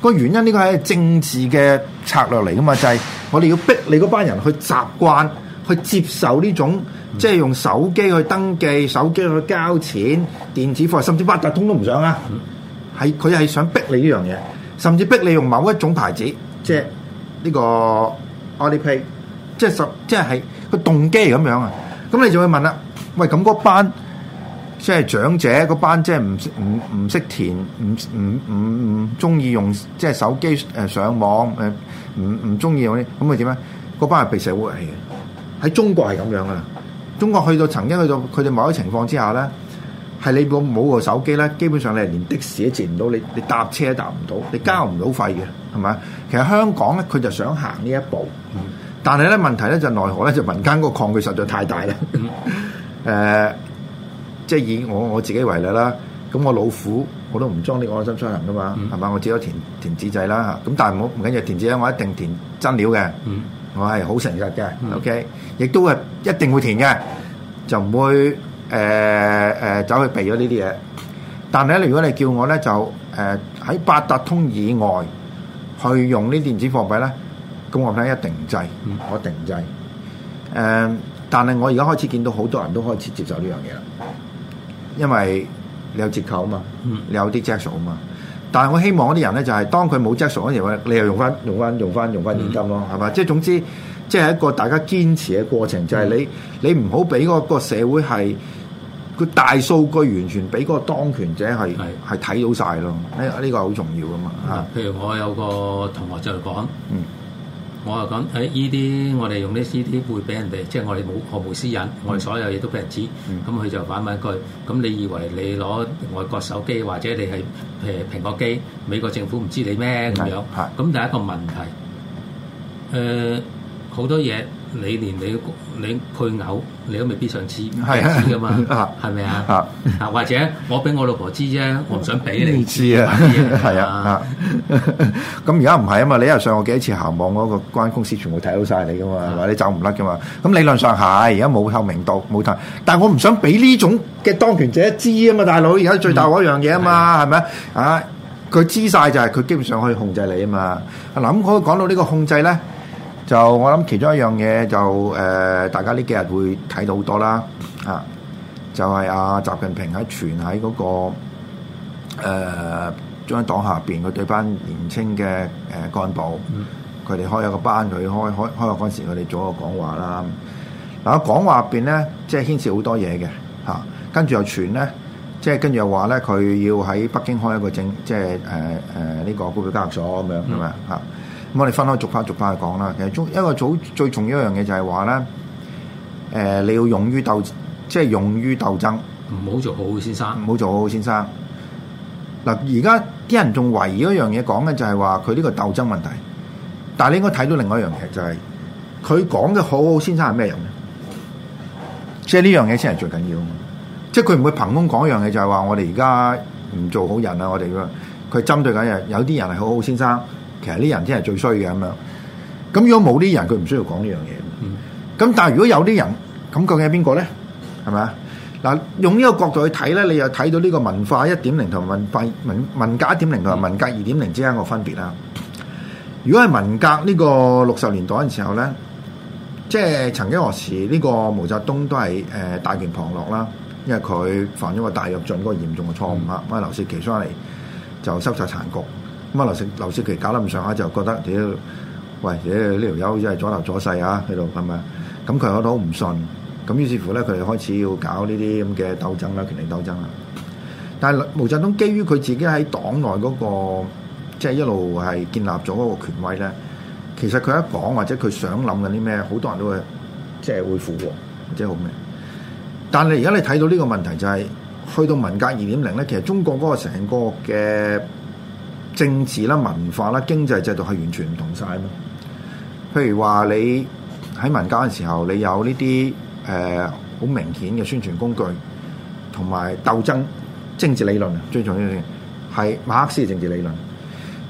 個原因呢，個係政治嘅策略嚟噶嘛，就係、是、我哋要逼你嗰班人去習慣，去接受呢種即係用手機去登記、手機去交錢、電子貨，甚至八達通都唔想啊。係佢係想逼你呢樣嘢，甚至逼你用某一種牌子，即係呢個 Olympic 即係即係，即係係個動機咁樣啊。咁你就會問啦，喂咁嗰班？即係長者嗰班，即係唔唔唔識填，唔唔唔唔中意用，即係手機誒上網誒，唔唔中意用咧，咁佢點咧？嗰班係被社會遺棄嘅，喺中國係咁樣噶啦。中國去到曾經去到佢哋某啲情況之下咧，係你冇冇個手機咧，基本上你係連的士都接唔到，你你搭車搭唔到，你交唔到費嘅，係咪？其實香港咧，佢就想行呢一步，但係咧問題咧就奈何咧就是、民間嗰個抗拒實在太大啦，誒、嗯。 即係以我我自己為例啦，咁我老虎我都唔裝呢個安心出行噶嘛，係、嗯、嘛？我只有填填紙仔啦嚇，咁但係唔好唔緊要填紙仔，我一定填真料嘅、嗯，我係好誠實嘅、嗯，OK，亦都係一定會填嘅，就唔會誒誒走去避咗呢啲嘢。但係咧，如果你叫我咧就誒喺、呃、八達通以外去用呢電子貨幣咧，咁我咧一定唔制，我一定唔制。誒、嗯嗯，但係我而家開始見到好多人都開始接受呢樣嘢啦。因為你有折扣啊嘛、嗯，你有啲積數啊嘛，但係我希望嗰啲人咧就係、是、當佢冇積數嘅時候咧，你又用翻用翻用翻用翻現金咯，係嘛？嗯、即係總之，即係一個大家堅持嘅過程，就係、是、你、嗯、你唔好俾嗰個社會係個大數據完全俾嗰個當權者係係睇到晒咯，呢、這、呢個好重要噶嘛嚇。譬如我有個同學就係講嗯。我就講誒，依、哎、啲我哋用啲 C D 會俾人哋，即係我哋冇毫無私隱，是的我哋所有嘢都俾人知，咁、嗯、佢就反問一句：咁你以為你攞外國手機或者你係誒蘋果機，美國政府唔知你咩咁樣？咁第一個問題，誒、呃、好多嘢。你連你你配偶你都未必想知知噶嘛，係咪啊？啊或者我俾我老婆知啫，我唔想俾你知啊，係啊，咁而家唔係啊嘛，你又上我幾次行網嗰個關公司，全部睇到曬你噶嘛，話你走唔甩噶嘛，咁理論上係，而家冇透明度冇透明，但我唔想俾呢種嘅當權者知啊嘛，大佬而家最大嗰樣嘢啊嘛，係咪啊？啊，佢知曬就係佢基本上可以控制你啊嘛，嗱咁我講到呢個控制咧。就我諗其中一樣嘢就誒、呃，大家呢幾日會睇到好多啦，啊！就係、是、阿、啊、習近平喺傳喺嗰、那個、呃、中央黨下邊，佢對班年青嘅誒幹部，佢、嗯、哋開一個班，佢開開開嗰陣時，佢哋做一個講話啦。嗱、啊，講話入邊咧，即係牽涉好多嘢嘅嚇，跟、啊、住又傳咧，即係跟住又話咧，佢要喺北京開一個證，即係誒誒呢個股票交易所咁樣噶嘛嚇。嗯。我哋分開逐 p 逐 p 去講啦。其實組一個組最重要一樣嘢就係話咧，誒、呃、你要勇於鬥，即係勇於鬥爭。唔好做好好先生，唔好做好好先生。嗱，而家啲人仲懷疑一樣嘢講嘅就係話佢呢個鬥爭問題。但係你應該睇到另外一樣嘢就係、是，佢講嘅好好先生係咩人咧？即係呢樣嘢先係最緊要。即係佢唔會憑空講一樣嘢，就係話我哋而家唔做好人啊！我哋佢針對緊有啲人係好好先生。其實呢人真係最衰嘅咁樣，咁如果冇呢人，佢唔需要講呢樣嘢。咁但係如果有啲人，咁究竟係邊個咧？係咪？嗱，用呢個角度去睇咧，你又睇到呢個文化一點零同文化文文革一點零同埋文革二點零之間個分別啦、嗯。如果係文革呢個六十年代嘅時候咧，即係曾經何時呢個毛澤東都係誒，大權旁落啦，因為佢犯咗個大躍進嗰個嚴重嘅錯誤啦，咁啊劉少奇翻嚟就收拾殘局。咁啊，劉劉少奇搞得唔上下就覺得屌，喂，屌呢條友又係阻流阻勢啊，喺度係咪？咁佢覺得好唔順，咁於是乎咧，佢開始要搞呢啲咁嘅鬥爭啦，權力鬥爭啦。但係毛澤東基於佢自己喺黨內嗰個，即係一路係建立咗一個權威咧，其實佢一講或者佢想諗緊啲咩，好多人都會即係會附和，或者好咩。但係而家你睇到呢個問題就係，去到文革二點零咧，其實中國嗰個成個嘅。政治啦、文化啦、經濟制度係完全唔同曬嘛。譬如話你喺文革嘅時候，你有呢啲誒好明顯嘅宣傳工具，同埋鬥爭政治理論，最重要嘅係馬克思嘅政治理論。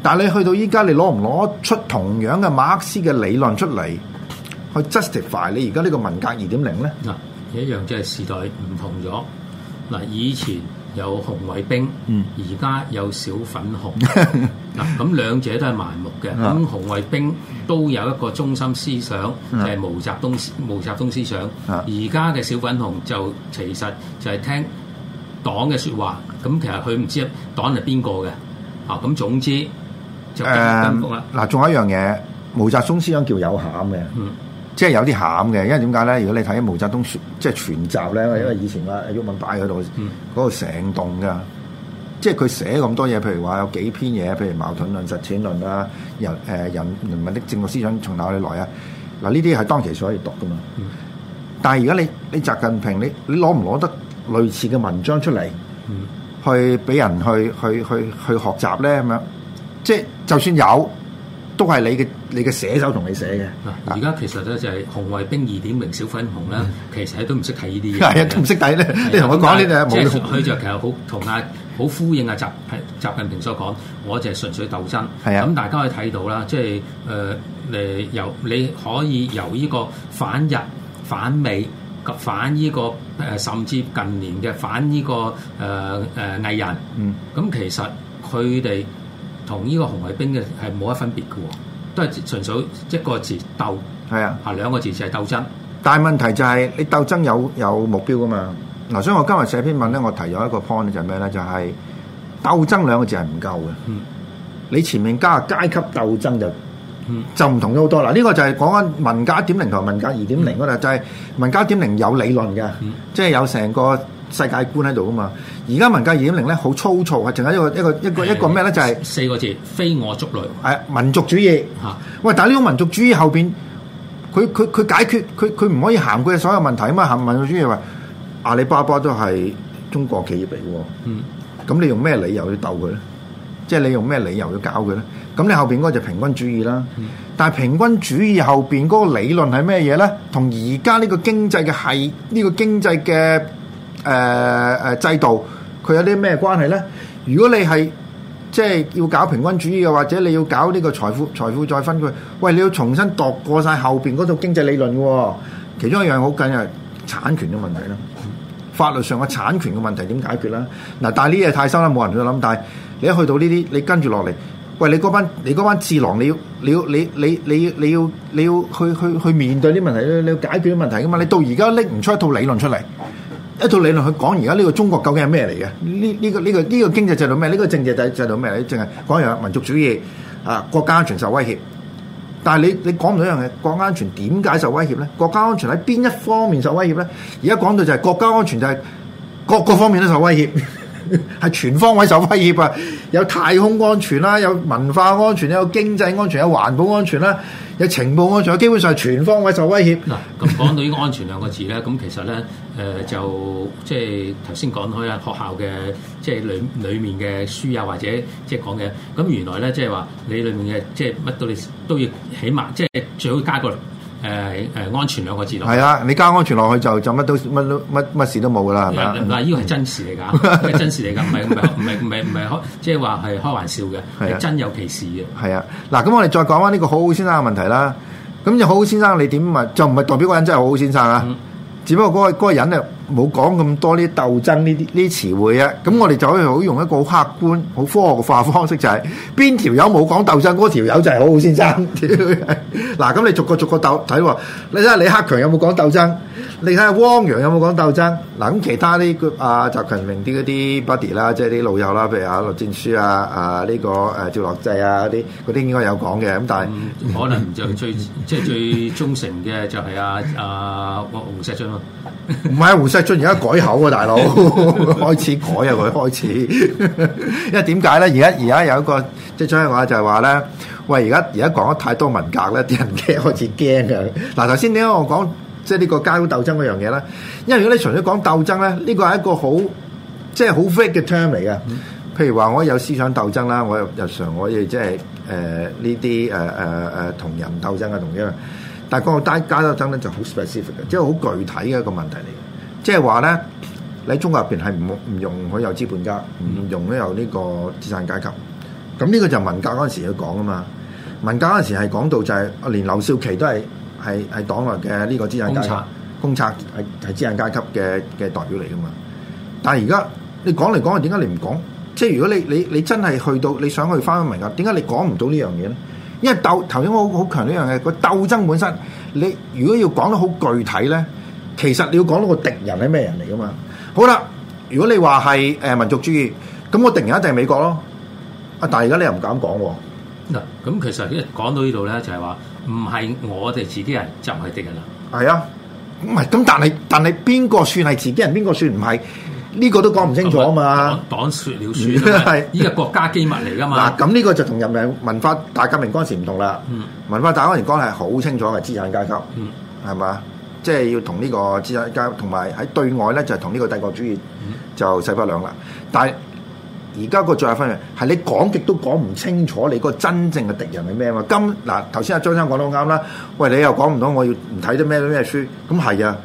但係你去到依家，你攞唔攞出同樣嘅馬克思嘅理論出嚟去 justify 你而家呢個文革二點零咧？嗱，一樣即係時代唔同咗。嗱，以前。有紅衛兵，而家有小粉紅嗱，咁 兩者都係盲目嘅。咁紅衛兵都有一個中心思想，就係、是、毛澤東毛澤東思想。而家嘅小粉紅就其實就係聽黨嘅說話，咁其實佢唔知黨係邊個嘅啊。咁總之就。誒、呃，嗱，仲有一樣嘢，毛澤東思想叫有餡嘅。嗯即係有啲慘嘅，因為點解咧？如果你睇毛澤東即係全集咧、嗯，因為以前個鬱、嗯、文擺喺度嗰個成棟噶，即係佢寫咁多嘢。譬如話有幾篇嘢，譬如《矛盾論》《實踐論》啦、呃，人誒人人民的政治思想從哪裏來啊？嗱，呢啲係當時所以讀噶嘛、嗯。但係如果你你習近平你你攞唔攞得類似嘅文章出嚟、嗯，去俾人去去去去學習咧，咁樣？即係就算有。都係你嘅你嘅寫手同你寫嘅。而家其實咧就係、是、紅衛兵二點零小粉紅咧、嗯，其實都唔識睇呢啲嘢。係 所以 啊，都唔識睇咧。你同我講咧，即係佢就其實好同阿好呼應啊習習近平所講。我就係純粹鬥爭。係啊。咁大家可以睇到啦，即係誒誒由你可以由呢個反日、反美及反呢、這個誒，甚至近年嘅反呢、這個誒誒、呃呃、藝人。嗯。咁其實佢哋。同呢個紅衛兵嘅係冇一分別嘅喎，都係純粹一個字鬥，係啊，啊兩個字就係鬥爭。但係問題就係你鬥爭有有目標嘅嘛？嗱，所以我今日寫篇文咧，我提咗一個 point 就係咩咧？就係、是、鬥爭兩個字係唔夠嘅。嗯，你前面加下階級鬥爭就、嗯、就唔同咗好多。嗱，呢個就係講緊文革一點零同文革二點零嗰度，就係、是、文革一點零有理論嘅，即、嗯、係、就是、有成個。世界觀喺度噶嘛？而家文革二點零咧好粗糙，淨係一個一個一個一個咩咧？就係、是、四個字：非我族類。係民族主義嚇。喂、啊，但係呢個民族主義後邊，佢佢佢解決佢佢唔可以行佢嘅所有問題啊嘛？行民族主義話阿里巴巴都係中國企業嚟喎。嗯，咁你用咩理由去鬥佢咧？即、就、係、是、你用咩理由去搞佢咧？咁你後邊嗰個就是平均主義啦。但係平均主義後邊嗰個理論係咩嘢咧？同而家呢個經濟嘅係呢個經濟嘅。誒、呃、誒制度，佢有啲咩關係咧？如果你係即係要搞平均主義嘅，或者你要搞呢個財富財富再分配，喂，你要重新度過曬後邊嗰套經濟理論嘅喎、哦。其中一樣好緊要係產權嘅問題啦，法律上嘅產權嘅問題點解決啦？嗱、啊，但係呢嘢太深啦，冇人去諗。但係你一去到呢啲，你跟住落嚟，喂，你嗰班你嗰班智囊，你要你要你你你要，你要，你，要，你，要你要去去去面對啲問題咧，你要解決啲問題噶嘛？你到而家拎唔出一套理論出嚟。一套理論去講，而家呢個中國究竟係咩嚟嘅？呢、呢、呢個呢、呢個呢、呢個、經濟制度咩？呢、呢個政治制，制度咩？淨係講樣民族主義啊，國家安全受威脅。但係你你講唔到一樣嘢，國家安全點解受威脅咧？國家安全喺邊一方面受威脅咧？而家講到就係國家安全就係各各方面都受威脅。係全方位受威脅啊！有太空安全啦，有文化安全，有經濟安全，有環保安全啦，有情報安全，基本上係全方位受威脅。嗱，咁講到呢個安全兩個字咧，咁其實咧，誒、呃，就即係頭先講開啊，學校嘅即係裏裏面嘅書啊，或者即係講嘅，咁原來咧，即係話你裏面嘅即係乜到你都要起碼，即係最好加過嚟。誒、呃呃、安全兩個字咯。係啊，你加安全落去就就乜都乜都乜乜事都冇噶啦，係咪啊？嗱，呢個係真事嚟㗎， 係真事嚟㗎，唔係唔係唔係唔係開，即係話係開玩笑嘅，係、啊、係真有其事嘅。係啊，嗱，咁我哋再講翻呢個好好先生嘅問題啦。咁又好好先生，你，你點問？就唔係代表個人真係好好先生啊。嗯只不過嗰個人咧冇講咁多啲鬥爭呢啲呢詞彙啊，咁我哋就可以好用一個好客觀、好科學化嘅方式，就是，就係邊條友冇講鬥爭，嗰條友就係好好先生。嗱，咁你逐個逐個鬥睇喎，你睇下李克強有冇講鬥爭？你睇下汪洋有冇講鬥爭嗱？咁其他啲阿習近平啲嗰啲 buddy 啦，即係啲老友啦，譬如阿栗戰書啊、啊、這、呢個誒趙樂際啊嗰啲，啲應該有講嘅。咁但係、嗯、可能就最即係 最忠誠嘅就係啊，啊，胡錫進咯。唔係胡錫進而家改口喎、啊，大佬 開始改啊，佢開始。因為點解咧？而家而家有一個即係將話就係話咧，喂！而家而家講得太多文革咧，啲人驚開始驚嘅。嗱、啊，頭先點解我講？即係呢個階級鬥爭嗰樣嘢啦，因為如果你純粹講鬥爭咧，呢個係一個好即係好 fake 嘅 term 嚟嘅。譬如話，我有思想鬥爭啦，我日常我可以即係呢啲同人鬥爭啊，同啲但係嗰個階級鬥爭咧就好 specific 嘅，即係好具體嘅一個問題嚟嘅。即係話咧，你中國入邊係唔唔容許有資本家，唔容許有呢個資產階級。咁呢個就文革嗰陣時去講啊嘛。文革嗰時係講到就係、是、啊，連劉少奇都係。係係黨內嘅呢個資產階級，公策係係資產階級嘅嘅代表嚟噶嘛？但係而家你講嚟講去，點解你唔講？即係如果你你你真係去到你想去翻民間，點解你講唔到這呢樣嘢咧？因為鬥，頭先我好強呢樣嘢，個鬥爭本身，你如果要講得好具體咧，其實你要講到個敵人係咩人嚟噶嘛？好啦，如果你話係誒民族主義，咁我敵人一定係美國咯。現在啊，但係而家你又唔敢講嗱，咁其實講到呢度咧，就係話。唔係我哋自己人就唔係敵人啦，係啊，唔係咁，但係但係邊個算係自己人，邊個、啊、算唔係呢個都講唔清楚啊嘛黨，黨說了算係呢個國家機密嚟噶嘛，嗱咁呢個就同人民文化大革命嗰時唔同啦，嗯，文化大革命嗰時係好清楚嘅，資產階級，嗯，係嘛，即、就、係、是、要同呢個資產階，同埋喺對外咧就同、是、呢個帝國主義就勢不兩立，但。嗯而家個最後分別係你講極都講唔清楚你個真正嘅敵人係咩嘛？今嗱頭先阿張生講得好啱啦。喂，你又講唔到，我要唔睇啲咩咩書？咁係啊，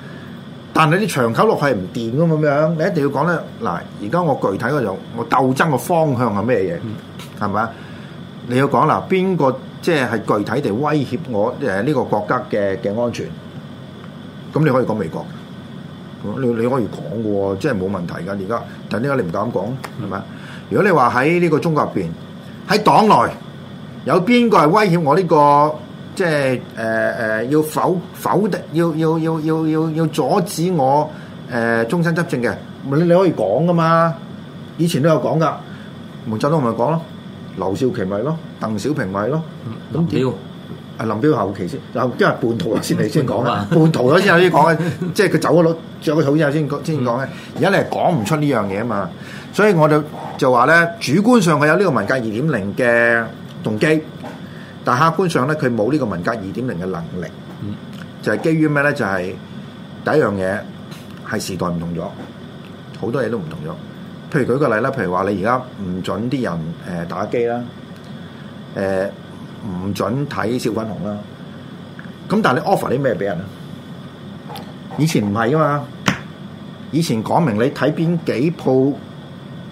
但係你長久落去唔掂㗎咁樣，你一定要講咧。嗱，而家我具體嘅就我鬥爭嘅方向係咩嘢？係、嗯、咪？你要講嗱，邊個即係係具體地威脅我誒呢個國家嘅嘅安全？咁你可以講美國，你你可以講嘅喎，即係冇問題㗎。而家但係點解你唔敢講？係咪？如果你話喺呢個中國入邊，喺黨內有邊個係威脅我呢、這個即係誒誒要否否定要要要要要要阻止我誒、呃、終身執政嘅？你你可以講㗎嘛？以前都有講㗎，毛澤東咪講咯，劉少奇咪咯，鄧小平咪咯，咁、嗯、屌！啊林，林彪後期先，又即係半途先你先講啊，半途先有啲講嘅， 即係佢走咗攞著個土之後先先講嘅。而、嗯、家你係講唔出呢樣嘢啊嘛～所以我哋就就話咧，主觀上佢有呢個文革二點零嘅動機，但客觀上咧佢冇呢個文革二點零嘅能力。就係、是、基於咩咧？就係、是、第一樣嘢係時代唔同咗，好多嘢都唔同咗。譬如舉個例啦，譬如話你而家唔準啲人打機啦，呃、唔準睇小粉紅啦。咁但你 offer 啲咩俾人咧？以前唔係啊嘛，以前講明你睇邊幾鋪。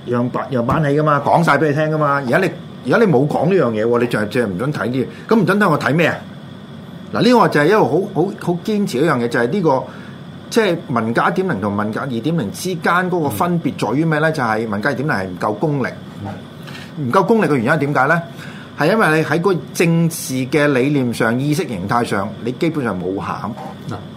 樣板樣板戲噶嘛，講晒俾你聽噶嘛。而家你而家你冇講呢樣嘢，你就係就係唔准睇啲。咁唔准睇我睇咩啊？嗱，呢、這個就係一個好好好堅持的一樣嘢，就係、是、呢、這個即係、就是、文革一點零同文革二點零之間嗰個分別在於咩咧？就係、是、文革二點零係唔夠功力，唔夠功力嘅原因點解咧？係因為你喺個政治嘅理念上、意識形態上，你基本上冇餡。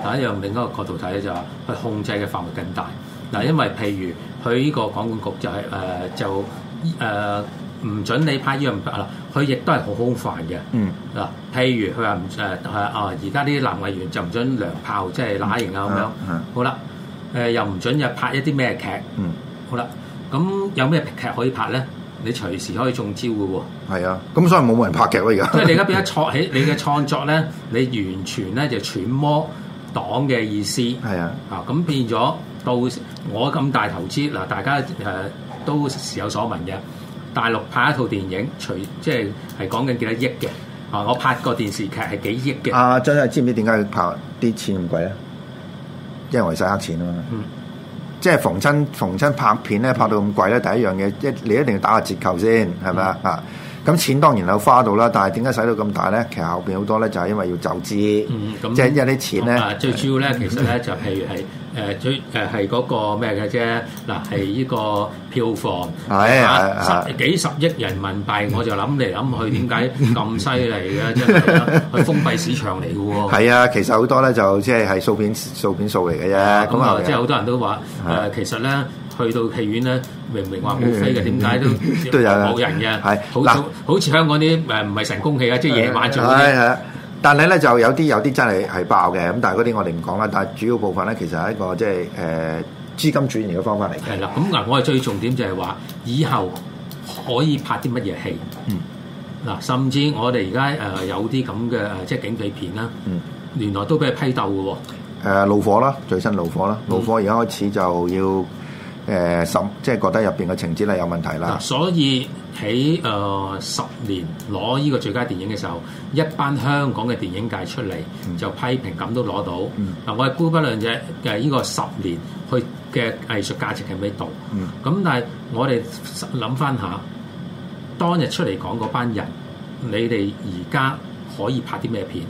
嗱，第一樣，另一個角度睇咧就係話，佢控制嘅範圍更大。嗱，因為譬如佢呢個廣管局就係、是、誒、呃、就誒唔、呃、准你拍呢樣，啊，佢亦都係好好煩嘅。嗯。嗱、嗯，譬如佢話唔誒係啊，而家啲男藝員就唔准娘炮，即係乸型啊咁樣。好啦，誒、呃、又唔准又拍一啲咩劇。嗯。好啦，咁有咩劇可以拍咧？你隨時可以中招嘅喎。係啊。咁所以冇冇人拍劇咯而家。即 係你而家變咗創起，你嘅創作咧，你完全咧就揣摩黨嘅意思。係啊，啊。啊，咁變咗。到我咁大投資嗱，大家誒、啊、都時有所聞嘅。大陸拍一套電影，除即係係講緊幾多億嘅。啊，我拍個電視劇係幾億嘅。阿張生，知唔知點解要拍啲錢咁貴咧？因為為曬黑錢啊嘛。嗯，即係逢親逢親拍片咧，拍到咁貴咧。第一樣嘢，一你一定要打個折扣先，係咪啊？啊，咁錢當然有花到啦，但係點解使到咁大咧？其實後邊好多咧，就係因為要就資。咁、嗯、即係因為啲錢咧、啊。最主要咧，其實咧就係、是、係。 誒最誒係嗰個咩嘅啫？嗱係呢個票房，啊、哎、十幾十億人民幣，我就諗嚟諗去，點解咁犀利嘅？真係去封閉市場嚟嘅喎。係、哎啊，哎、啊，其實好多咧就即係係掃片掃片掃嚟嘅啫。咁啊，即係好多人都話誒，其實咧去到戲院咧，明明話冇飛嘅，點解都都有冇人嘅？係，嗱，好似香港啲誒唔係神功戲啊，即係夜晚做但係咧就有啲有啲真係係爆嘅咁，但係嗰啲我哋唔講啦。但係主要部分咧，其實係一個即係誒資金轉移嘅方法嚟嘅。係啦，咁嗱，我哋最重點就係話以後可以拍啲乜嘢戲？嗯，嗱，甚至我哋而家有啲咁嘅即係警匪片啦。嗯，原來都俾批鬥嘅喎、哦呃。怒火啦，最新怒火啦，怒火而家開始就要。誒、呃、審即係覺得入邊嘅情節咧有問題啦。所以喺誒、呃、十年攞呢個最佳電影嘅時候，一班香港嘅電影界出嚟、嗯、就批評咁都攞到。嗱、嗯呃，我係估不論只誒呢個十年去嘅藝術價值喺邊度？咁、嗯、但係我哋諗翻下當日出嚟講嗰班人，你哋而家可以拍啲咩片？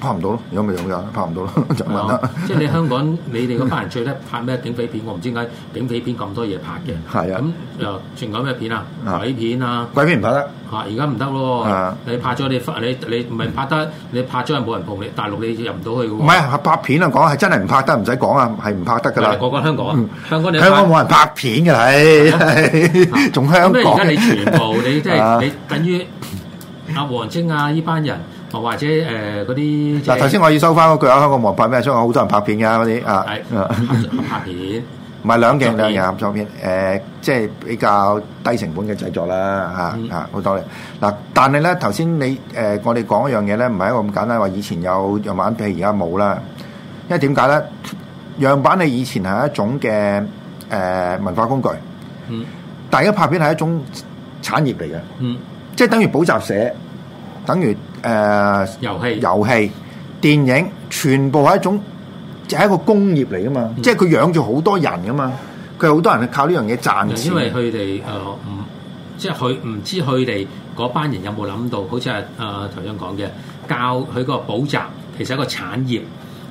拍唔到咯，而家咪冇人拍唔到咯，就唔得。即係你香港， 你哋嗰班人最叻拍咩警匪片？我唔知點解警匪片咁多嘢拍嘅。係啊，咁又仲有咩片啊？鬼片啊？鬼片唔拍得吓，而家唔得咯。你拍咗你你你唔係拍得，嗯、你拍咗係冇人捧你。大陸你入唔到去唔係拍片啊，講係真係唔拍得，唔使講啊，係唔拍得噶啦。講緊香港啊、嗯，香港你香港冇人拍片嘅啦，仲、哎、香港。而、啊、家你全部你即係 你等於阿王晶啊呢 班人。哦、或者誒嗰啲嗱，頭、呃、先、就是、我要收翻嗰句啊，香港冇拍咩，所以我好多人拍片㗎嗰啲啊，拍片，唔係兩鏡兩人拍片，誒，即係、呃就是、比較低成本嘅製作啦嚇嚇，好、嗯啊、多嘅嗱、啊，但係咧頭先你誒、呃、我哋講一樣嘢咧，唔係一個咁簡單話，以前有樣板，譬如而家冇啦，因為點解咧？樣板你以前係一種嘅誒、呃、文化工具，嗯，但而家拍片係一種產業嚟嘅，嗯，即係等於補習社。等於誒、呃、遊戲、遊戲、電影，全部係一種，就係一個工業嚟噶嘛。嗯、即係佢養咗好多人噶嘛。佢好多人係靠呢樣嘢賺嘅。因為佢哋誒唔，即係佢唔知佢哋嗰班人有冇諗到，好似係誒頭先講嘅，教佢個補習其實係一個產業，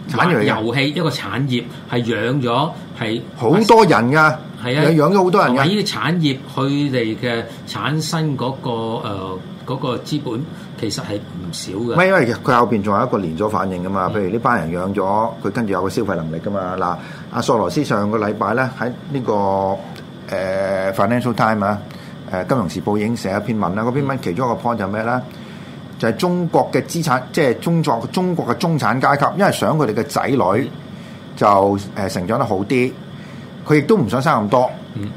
產業的玩遊戲一個產業係養咗係好多人噶，係啊，養咗好多人嘅。呢啲產業佢哋嘅產生嗰、那個誒嗰、呃那個資本。其實係唔少嘅。唔係因為佢後邊仲有一個連鎖反應㗎嘛？譬如呢班人養咗，佢跟住有個消費能力㗎嘛？嗱、啊，阿索羅斯上個禮拜咧喺呢在、這個誒、呃、Financial Times 啊，誒、呃、金融時報已經寫一篇文啦。嗰篇文其中一個 point 就係咩咧？就係、是、中國嘅資產，即係中作中國嘅中產階級，因為想佢哋嘅仔女就誒成長得好啲，佢亦都唔想生咁多。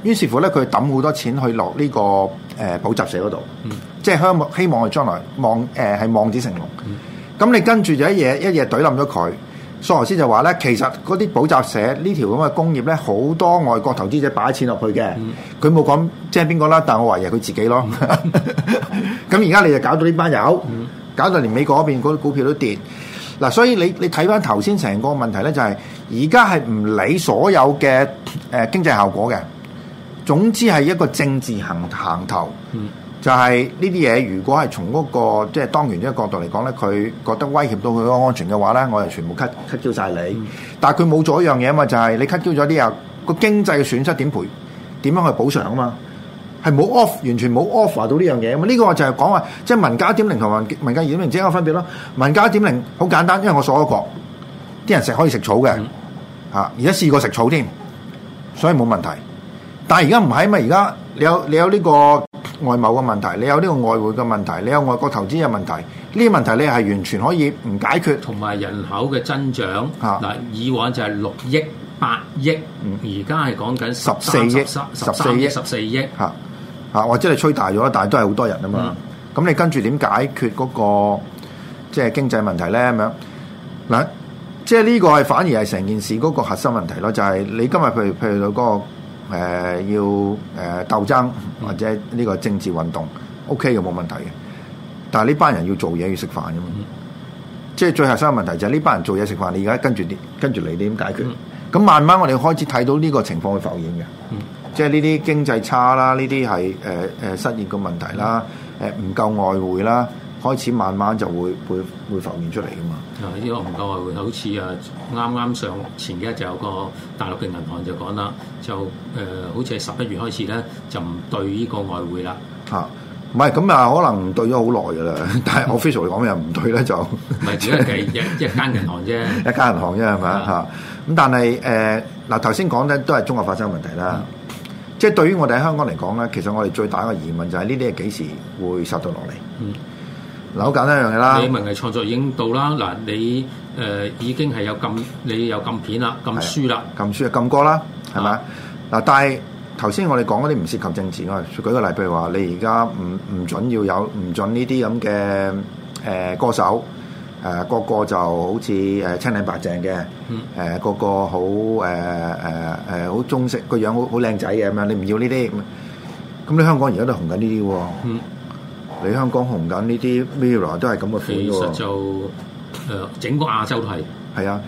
於是乎咧，佢抌好多錢去落呢、這個。誒、呃、補習社嗰度，嗯、即係希望希望係將來望誒係、呃、望子成龍。咁、嗯、你跟住就一嘢一嘢懟冧咗佢。索羅斯就話咧，其實嗰啲補習社呢條咁嘅工業咧，好多外國投資者擺錢落去嘅。佢冇講即係邊個啦，但我懷疑佢自己咯。咁而家你就搞到呢班友，搞到連美國嗰邊嗰啲股票都跌。嗱，所以你你睇翻頭先成個問題咧，就係而家係唔理所有嘅誒、呃、經濟效果嘅。總之係一個政治行行頭，嗯、就係呢啲嘢。如果係從嗰個即係、就是、當權者角度嚟講咧，佢覺得威脅到佢嘅安全嘅話咧，我就全部 cut cut Q 晒你、嗯。但係佢冇做一樣嘢啊嘛，就係、是、你 cut Q 咗啲人，個經濟嘅損失點賠？點樣去補償啊嘛？係冇 off 完全冇 offer 到呢樣嘢啊嘛？呢、這個就係講話即係民間一點零同民間二點零之間嘅分別咯。民間一點零好簡單，因為我鎖咗國，啲人食可以食草嘅，吓，而家試過食草添，所以冇問題。但係而家唔係，因為而家你有你有呢個外貿嘅問題，你有呢個外匯嘅問題，你有外國投資嘅問題，呢啲問題你係完全可以唔解決，同埋人口嘅增長。嗱、啊，以往就係六億、八億，而家係講緊十四億、十三、十三億、十四億。嚇嚇、啊，或者你吹大咗，但係都係好多人啊嘛。咁、啊、你跟住點解決嗰、嗰個即係、就係、經濟問題咧？咁樣嗱，即係呢個係反而係成件事嗰個核心問題咯。就係、係、你今日，譬如譬如到嗰個。誒、呃、要誒、呃、鬥爭或者呢個政治運動、嗯、，OK 嘅冇問題嘅。但係呢班人要做嘢要食飯嘅嘛、嗯，即係最核心問題就係呢班人做嘢食飯。你而家跟住啲跟住你啲點解決？咁、嗯、慢慢我哋開始睇到呢個情況會浮現嘅、嗯，即係呢啲經濟差啦，呢啲係誒誒失業嘅問題啦，誒、嗯、唔、呃、夠外匯啦。開始慢慢就會會會浮現出嚟噶嘛？呢、啊、依、這個唔夠外匯，好似啊啱啱上前幾日就有個大陸嘅銀行就講啦，就誒、呃、好似係十一月開始咧，就唔兌呢個外匯啦。嚇唔係咁啊？不就可能兌咗好耐噶啦，但係我非常嚟講咧，又唔兌咧就唔係只係一 一間銀行啫， 一間銀行啫係咪？嚇？咁、啊、但係誒嗱頭先講咧都係中國發生嘅問題啦，即係、就是、對於我哋喺香港嚟講咧，其實我哋最大嘅疑問就係呢啲係幾時會殺到落嚟？嗯。扭緊一樣嘢啦，你明係創作已經到啦，嗱你誒已經係、呃、有禁你有禁片啦，禁書啦，禁書又禁歌啦，係咪？嗱、啊，但係頭先我哋講嗰啲唔涉及政治啊，舉個例子，譬如話你而家唔唔准要有唔准呢啲咁嘅誒歌手誒，個、呃、個就好似誒青靚白淨嘅，誒、嗯呃、個個好誒誒誒好中式個樣好好靚仔嘅嘛，你唔要呢啲咁，咁你香港而家都在紅緊呢啲喎。嗯你香港紅緊呢啲 mirror 都係咁嘅款喎。其實就整個亞洲都係。係啊，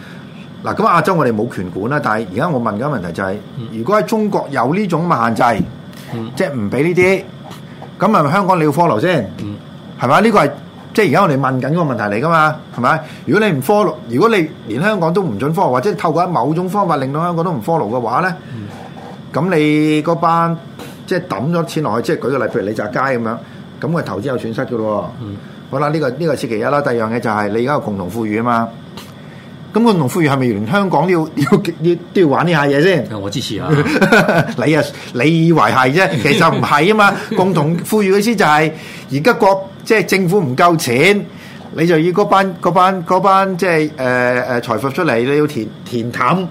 嗱咁亞洲我哋冇權管啦。但係而家我問緊問題就係、是，如果喺中國有呢種限制，嗯、即係唔俾呢啲，咁係咪香港你要 follow 先？係、嗯、咪？呢、這個係即係而家我哋問緊個問題嚟㗎嘛？係咪？如果你唔 follow，如果你連香港都唔準 follow，或者透過某種方法令到香港都唔 follow 嘅話咧，咁、嗯、你嗰班即係抌咗錢落去，即係舉個例，譬如李澤楷咁樣。咁佢投資有損失嘅咯，嗯、好啦，呢、這個呢、這個係其一啦。第二樣嘢就係你而家有共同富裕啊嘛。咁共同富裕係咪連香港都要要，要都要玩呢下嘢先？我支持啊， 你啊，你以為係啫，其實唔係啊嘛。 共同富裕嘅意思就係而家國即係政府唔夠錢，你就要嗰班嗰班嗰班即係誒誒財富出嚟你要填填淡。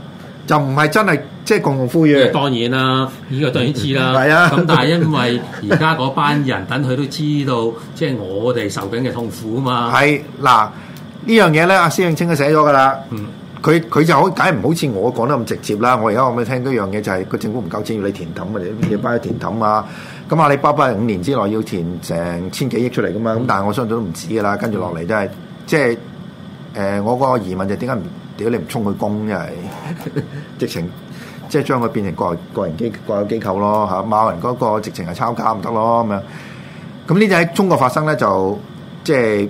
就唔係真係即係共同富裕，當然啦、啊，呢、這個當然知啦。咁、嗯啊、但係因為而家嗰班人等佢 都知道，即、就、係、是、我哋受緊嘅痛苦啊嘛。係嗱呢樣嘢咧，阿施永青都寫咗噶啦。佢、嗯、佢就可解唔好似我講得咁直接啦。我而家可唔可以聽到一樣嘢就係、是、個政府唔夠錢要你填氹嘅，要擺喺填氹啊。咁阿里巴巴五年之內要填成千幾億出嚟噶嘛。咁、嗯、但係我相信都唔止噶啦。跟住落嚟都係即係誒，我個疑問就係點解唔？如果你唔衝佢工，真係直情即係將佢變成個人機個人機個個機構咯嚇。馬雲嗰個直情係抄家唔得咯咁樣。咁呢啲喺中國發生咧，就即係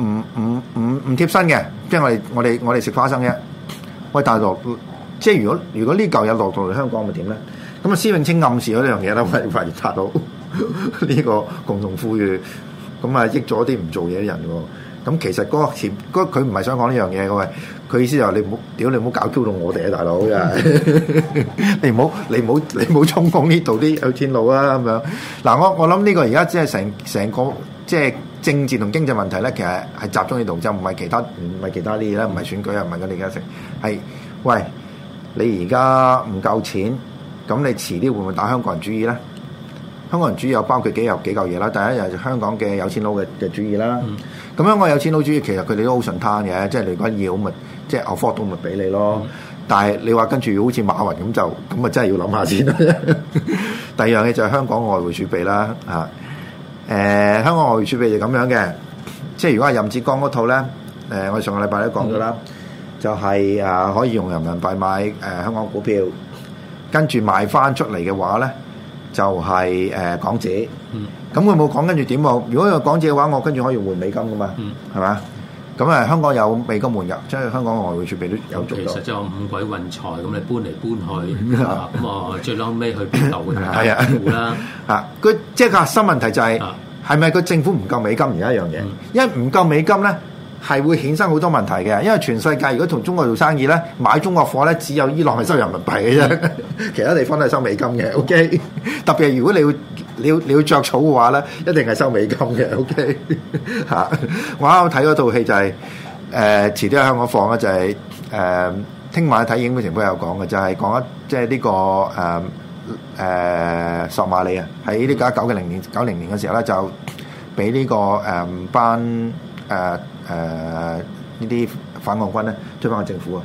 唔唔唔唔貼身嘅。即係我哋我哋我哋食花生嘅。喂，大陸即係如果如果呢嚿有落到嚟香港，咪點咧？咁啊，施永青暗示咗呢樣嘢啦，我哋發現發到呢個共同富裕，咁啊益咗啲唔做嘢嘅人喎。咁其實嗰、嗰個佢唔係想講呢樣嘢，各位。佢意思就係你唔好屌，你唔好搞嬌到我哋啊，大佬！你唔好你唔好你唔好充公呢度啲有錢佬啊咁樣。嗱，我我諗呢個而家即係成成個即係政治同經濟問題咧，其實係集中喺度，就唔係其他唔係其他啲嘢啦，唔係選舉啊，唔係嗰啲嘢啊，成係喂你而家唔夠錢，咁你遲啲會唔會打香港人主意咧？香港人主意有包括幾有幾嚿嘢啦，第一就係香港嘅有錢佬嘅嘅主意啦。咁樣我有錢好注意，其實佢哋都好順攤嘅，即係你講要我咪即係 afford 到咪俾你咯。嗯、但係你話跟住好似馬雲咁就，咁咪真係要諗下先、嗯。 第二樣嘢就係香港外匯儲備啦，啊呃、香港外匯儲備就咁樣嘅，即係如果係任志剛嗰套咧，誒、呃，我上個禮拜都講咗啦，就係、是啊、可以用人民幣買、呃、香港股票，跟住賣翻出嚟嘅話咧，就係、是呃、港紙。嗯，咁佢冇講跟住點？如果有港紙嘅話，我跟住可以換美金噶嘛？嗯，係嘛？咁啊，香港有美金換入，即係香港外匯儲備都有足夠。其實就五鬼運財咁，你搬嚟搬去，咁、嗯、啊、嗯，最後尾去邊度啊？啦，啊，佢、啊啊啊啊啊、即係個新問題就係、是，係咪佢政府唔夠美金而家一樣嘢、嗯？因為唔夠美金咧，係會衍生好多問題嘅。因為全世界如果同中國做生意咧，買中國貨咧，只有伊朗係收人民幣嘅啫，其他地方都係收美金嘅。OK，特別係如果你要。你要你要著草嘅話咧，一定係收美金嘅。O K，嚇！我啱啱睇嗰套戲就係誒遲啲喺香港放啦，就係誒聽晚睇影嘅情況有講嘅，就係講一即係呢個誒誒索馬里啊，喺呢個九九嘅零年九零年嘅時候咧，就俾呢個誒班誒誒呢啲反抗軍咧推翻個政府啊，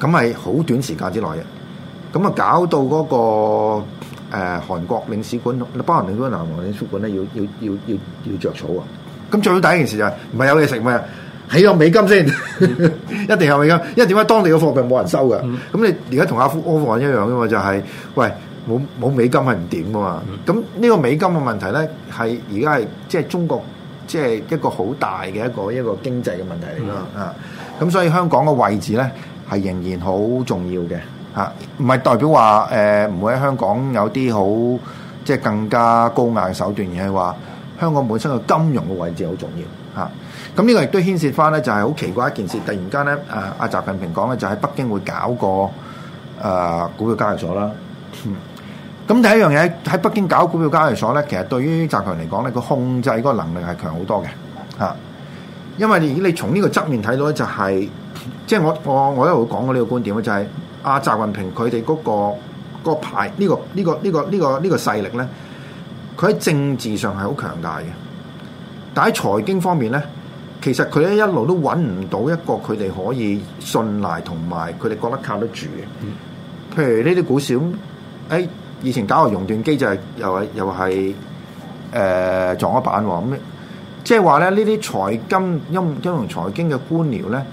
咁係好短時間之內啊，咁啊搞到嗰個。誒、呃、韓國領事館同包韓領館、南韓領事館咧，要要要要要著草啊！咁最好第一件事就係唔係有嘢食，咩？係起個美金先，嗯、 一定有美金，因為點解當地嘅貨幣冇人收嘅？咁、嗯、你而家同阿夫阿富汗一樣嘅、就是、嘛，就係喂冇冇美金係唔點嘅嘛？咁呢個美金嘅問題咧，係而家係即係中國即係、就是、一個好大嘅一個一個經濟嘅問題嚟咯、嗯、啊！咁所以香港嘅位置咧，係仍然好重要嘅。嚇、啊，唔係代表話誒唔會喺香港有啲好即係更加高壓嘅手段，而係話香港本身嘅金融嘅位置好重要嚇。咁、啊、呢個亦都牽涉翻咧，就係、是、好奇怪的一件事，突然間咧，誒、啊、阿習近平講咧，就喺、是、北京會搞個誒、啊、股票交易所啦。咁、嗯、第一樣嘢喺北京搞股票交易所咧，其實對於習近平嚟講咧，佢控制嗰個能力係強好多嘅嚇、啊。因為你，你從呢個側面睇到咧、就是，就係即係我我我一路講過呢個觀點啊、就是，就係。阿習近平佢哋嗰個、嗰個牌呢、呢個呢、呢個呢、呢個呢、呢個呢、呢個呢個勢力咧，佢喺政治上係好強大嘅，但喺財經方面咧，其實佢咧一路都揾唔到一個佢哋可以信賴同埋佢哋覺得靠得住嘅。譬如呢啲股市咁，以前搞個熔斷機制、就係、又係又係誒、呃、撞咗板喎咁、嗯，即係話咧呢啲財金、音金融、因為財經嘅官僚咧。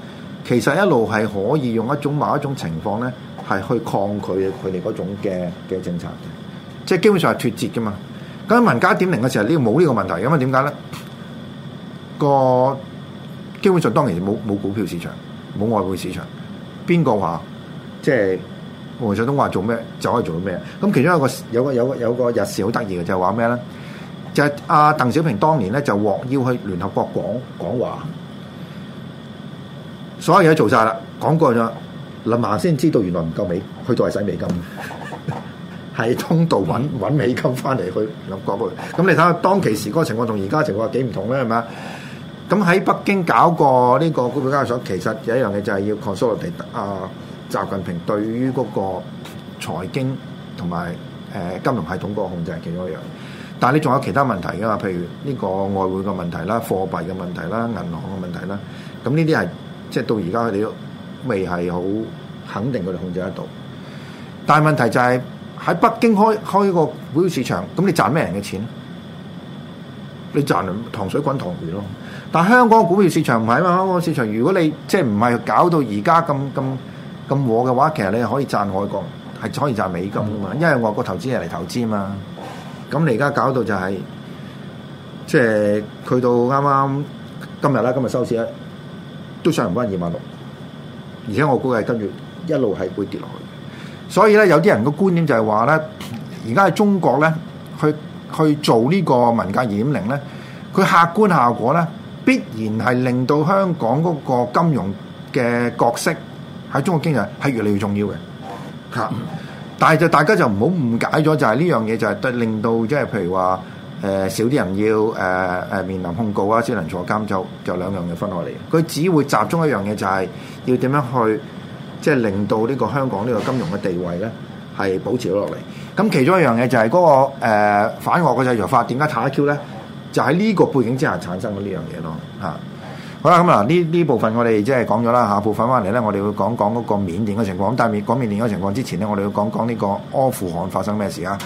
其實一路係可以用一種某一種情況咧，係去抗拒佢哋嗰種嘅嘅政策，即係基本上係脫節嘅嘛。咁喺文化一點零嘅時候，呢個冇呢個問題，因為點解咧？那個基本上當年冇冇股票市場，冇外匯市場，邊個話？即係黃兆東話做咩就可以做到咩？咁其中有一個有個有個有個日事好得意嘅就係話咩咧？就阿、是就是啊、鄧小平當年咧就獲邀去聯合國講講話。所有嘢都做晒啦，講過咗，林曼先知道原來唔夠美，去到係使美金，係 通道揾揾美金翻嚟去六國門。咁你睇下當其時嗰個情況同而家情況幾唔同咧？係咪？咁喺北京搞過呢、呢個股票交易所，其實有一樣嘢就係要 consolidate 啊，習近平對於嗰個財經同埋誒金融系統個控制係其中一樣的。但係你仲有其他問題㗎嘛？譬如呢個外匯嘅問題啦、貨幣嘅問題啦、銀行嘅問題啦，咁呢啲係。即係到而家佢哋都未係好肯定佢哋控制得到，但係問題就係喺北京開開個股票市場，咁你賺咩人嘅錢？你賺糖水滾糖魚咯。但係香港個股票市場唔係嘛？香港市場如果你即係唔係搞到而家咁咁咁和嘅話，其實你可以賺外國，係可以賺美金啊嘛，因為外國投資人嚟投資啊嘛。咁你而家搞到就係，即係去到啱啱今日啦，今日收市啦。.都上唔翻二萬六，而且我估計係跟住一路係會跌落去，所以咧有啲人個觀點就係話咧，而家喺中國咧去去做呢個民間二點零咧，佢客觀效果咧必然係令到香港嗰個金融嘅角色喺中國經濟係越嚟越重要嘅。係，但係就大家就唔好誤解咗，就係呢樣嘢就係令到即係譬如話。誒、呃、少啲人要誒、呃呃、面臨控告啊，只能坐監，就就兩樣嘢分落嚟。佢只會集中一樣嘢，就係要點樣去即係令到呢個香港呢個金融嘅地位咧係保持咗落嚟。咁其中一樣嘢就係嗰、那個、呃、反俄嘅制裁法點解太 Q 咧？就喺呢個背景之下產生咗呢樣嘢咯。嚇，好啦，咁嗱呢呢部分我哋即係講咗啦，下部分翻嚟咧，我哋會講講嗰個緬甸嘅情況。但係面、講緬甸嘅情況之前咧，我哋要講講呢個阿富汗發生咩事啊？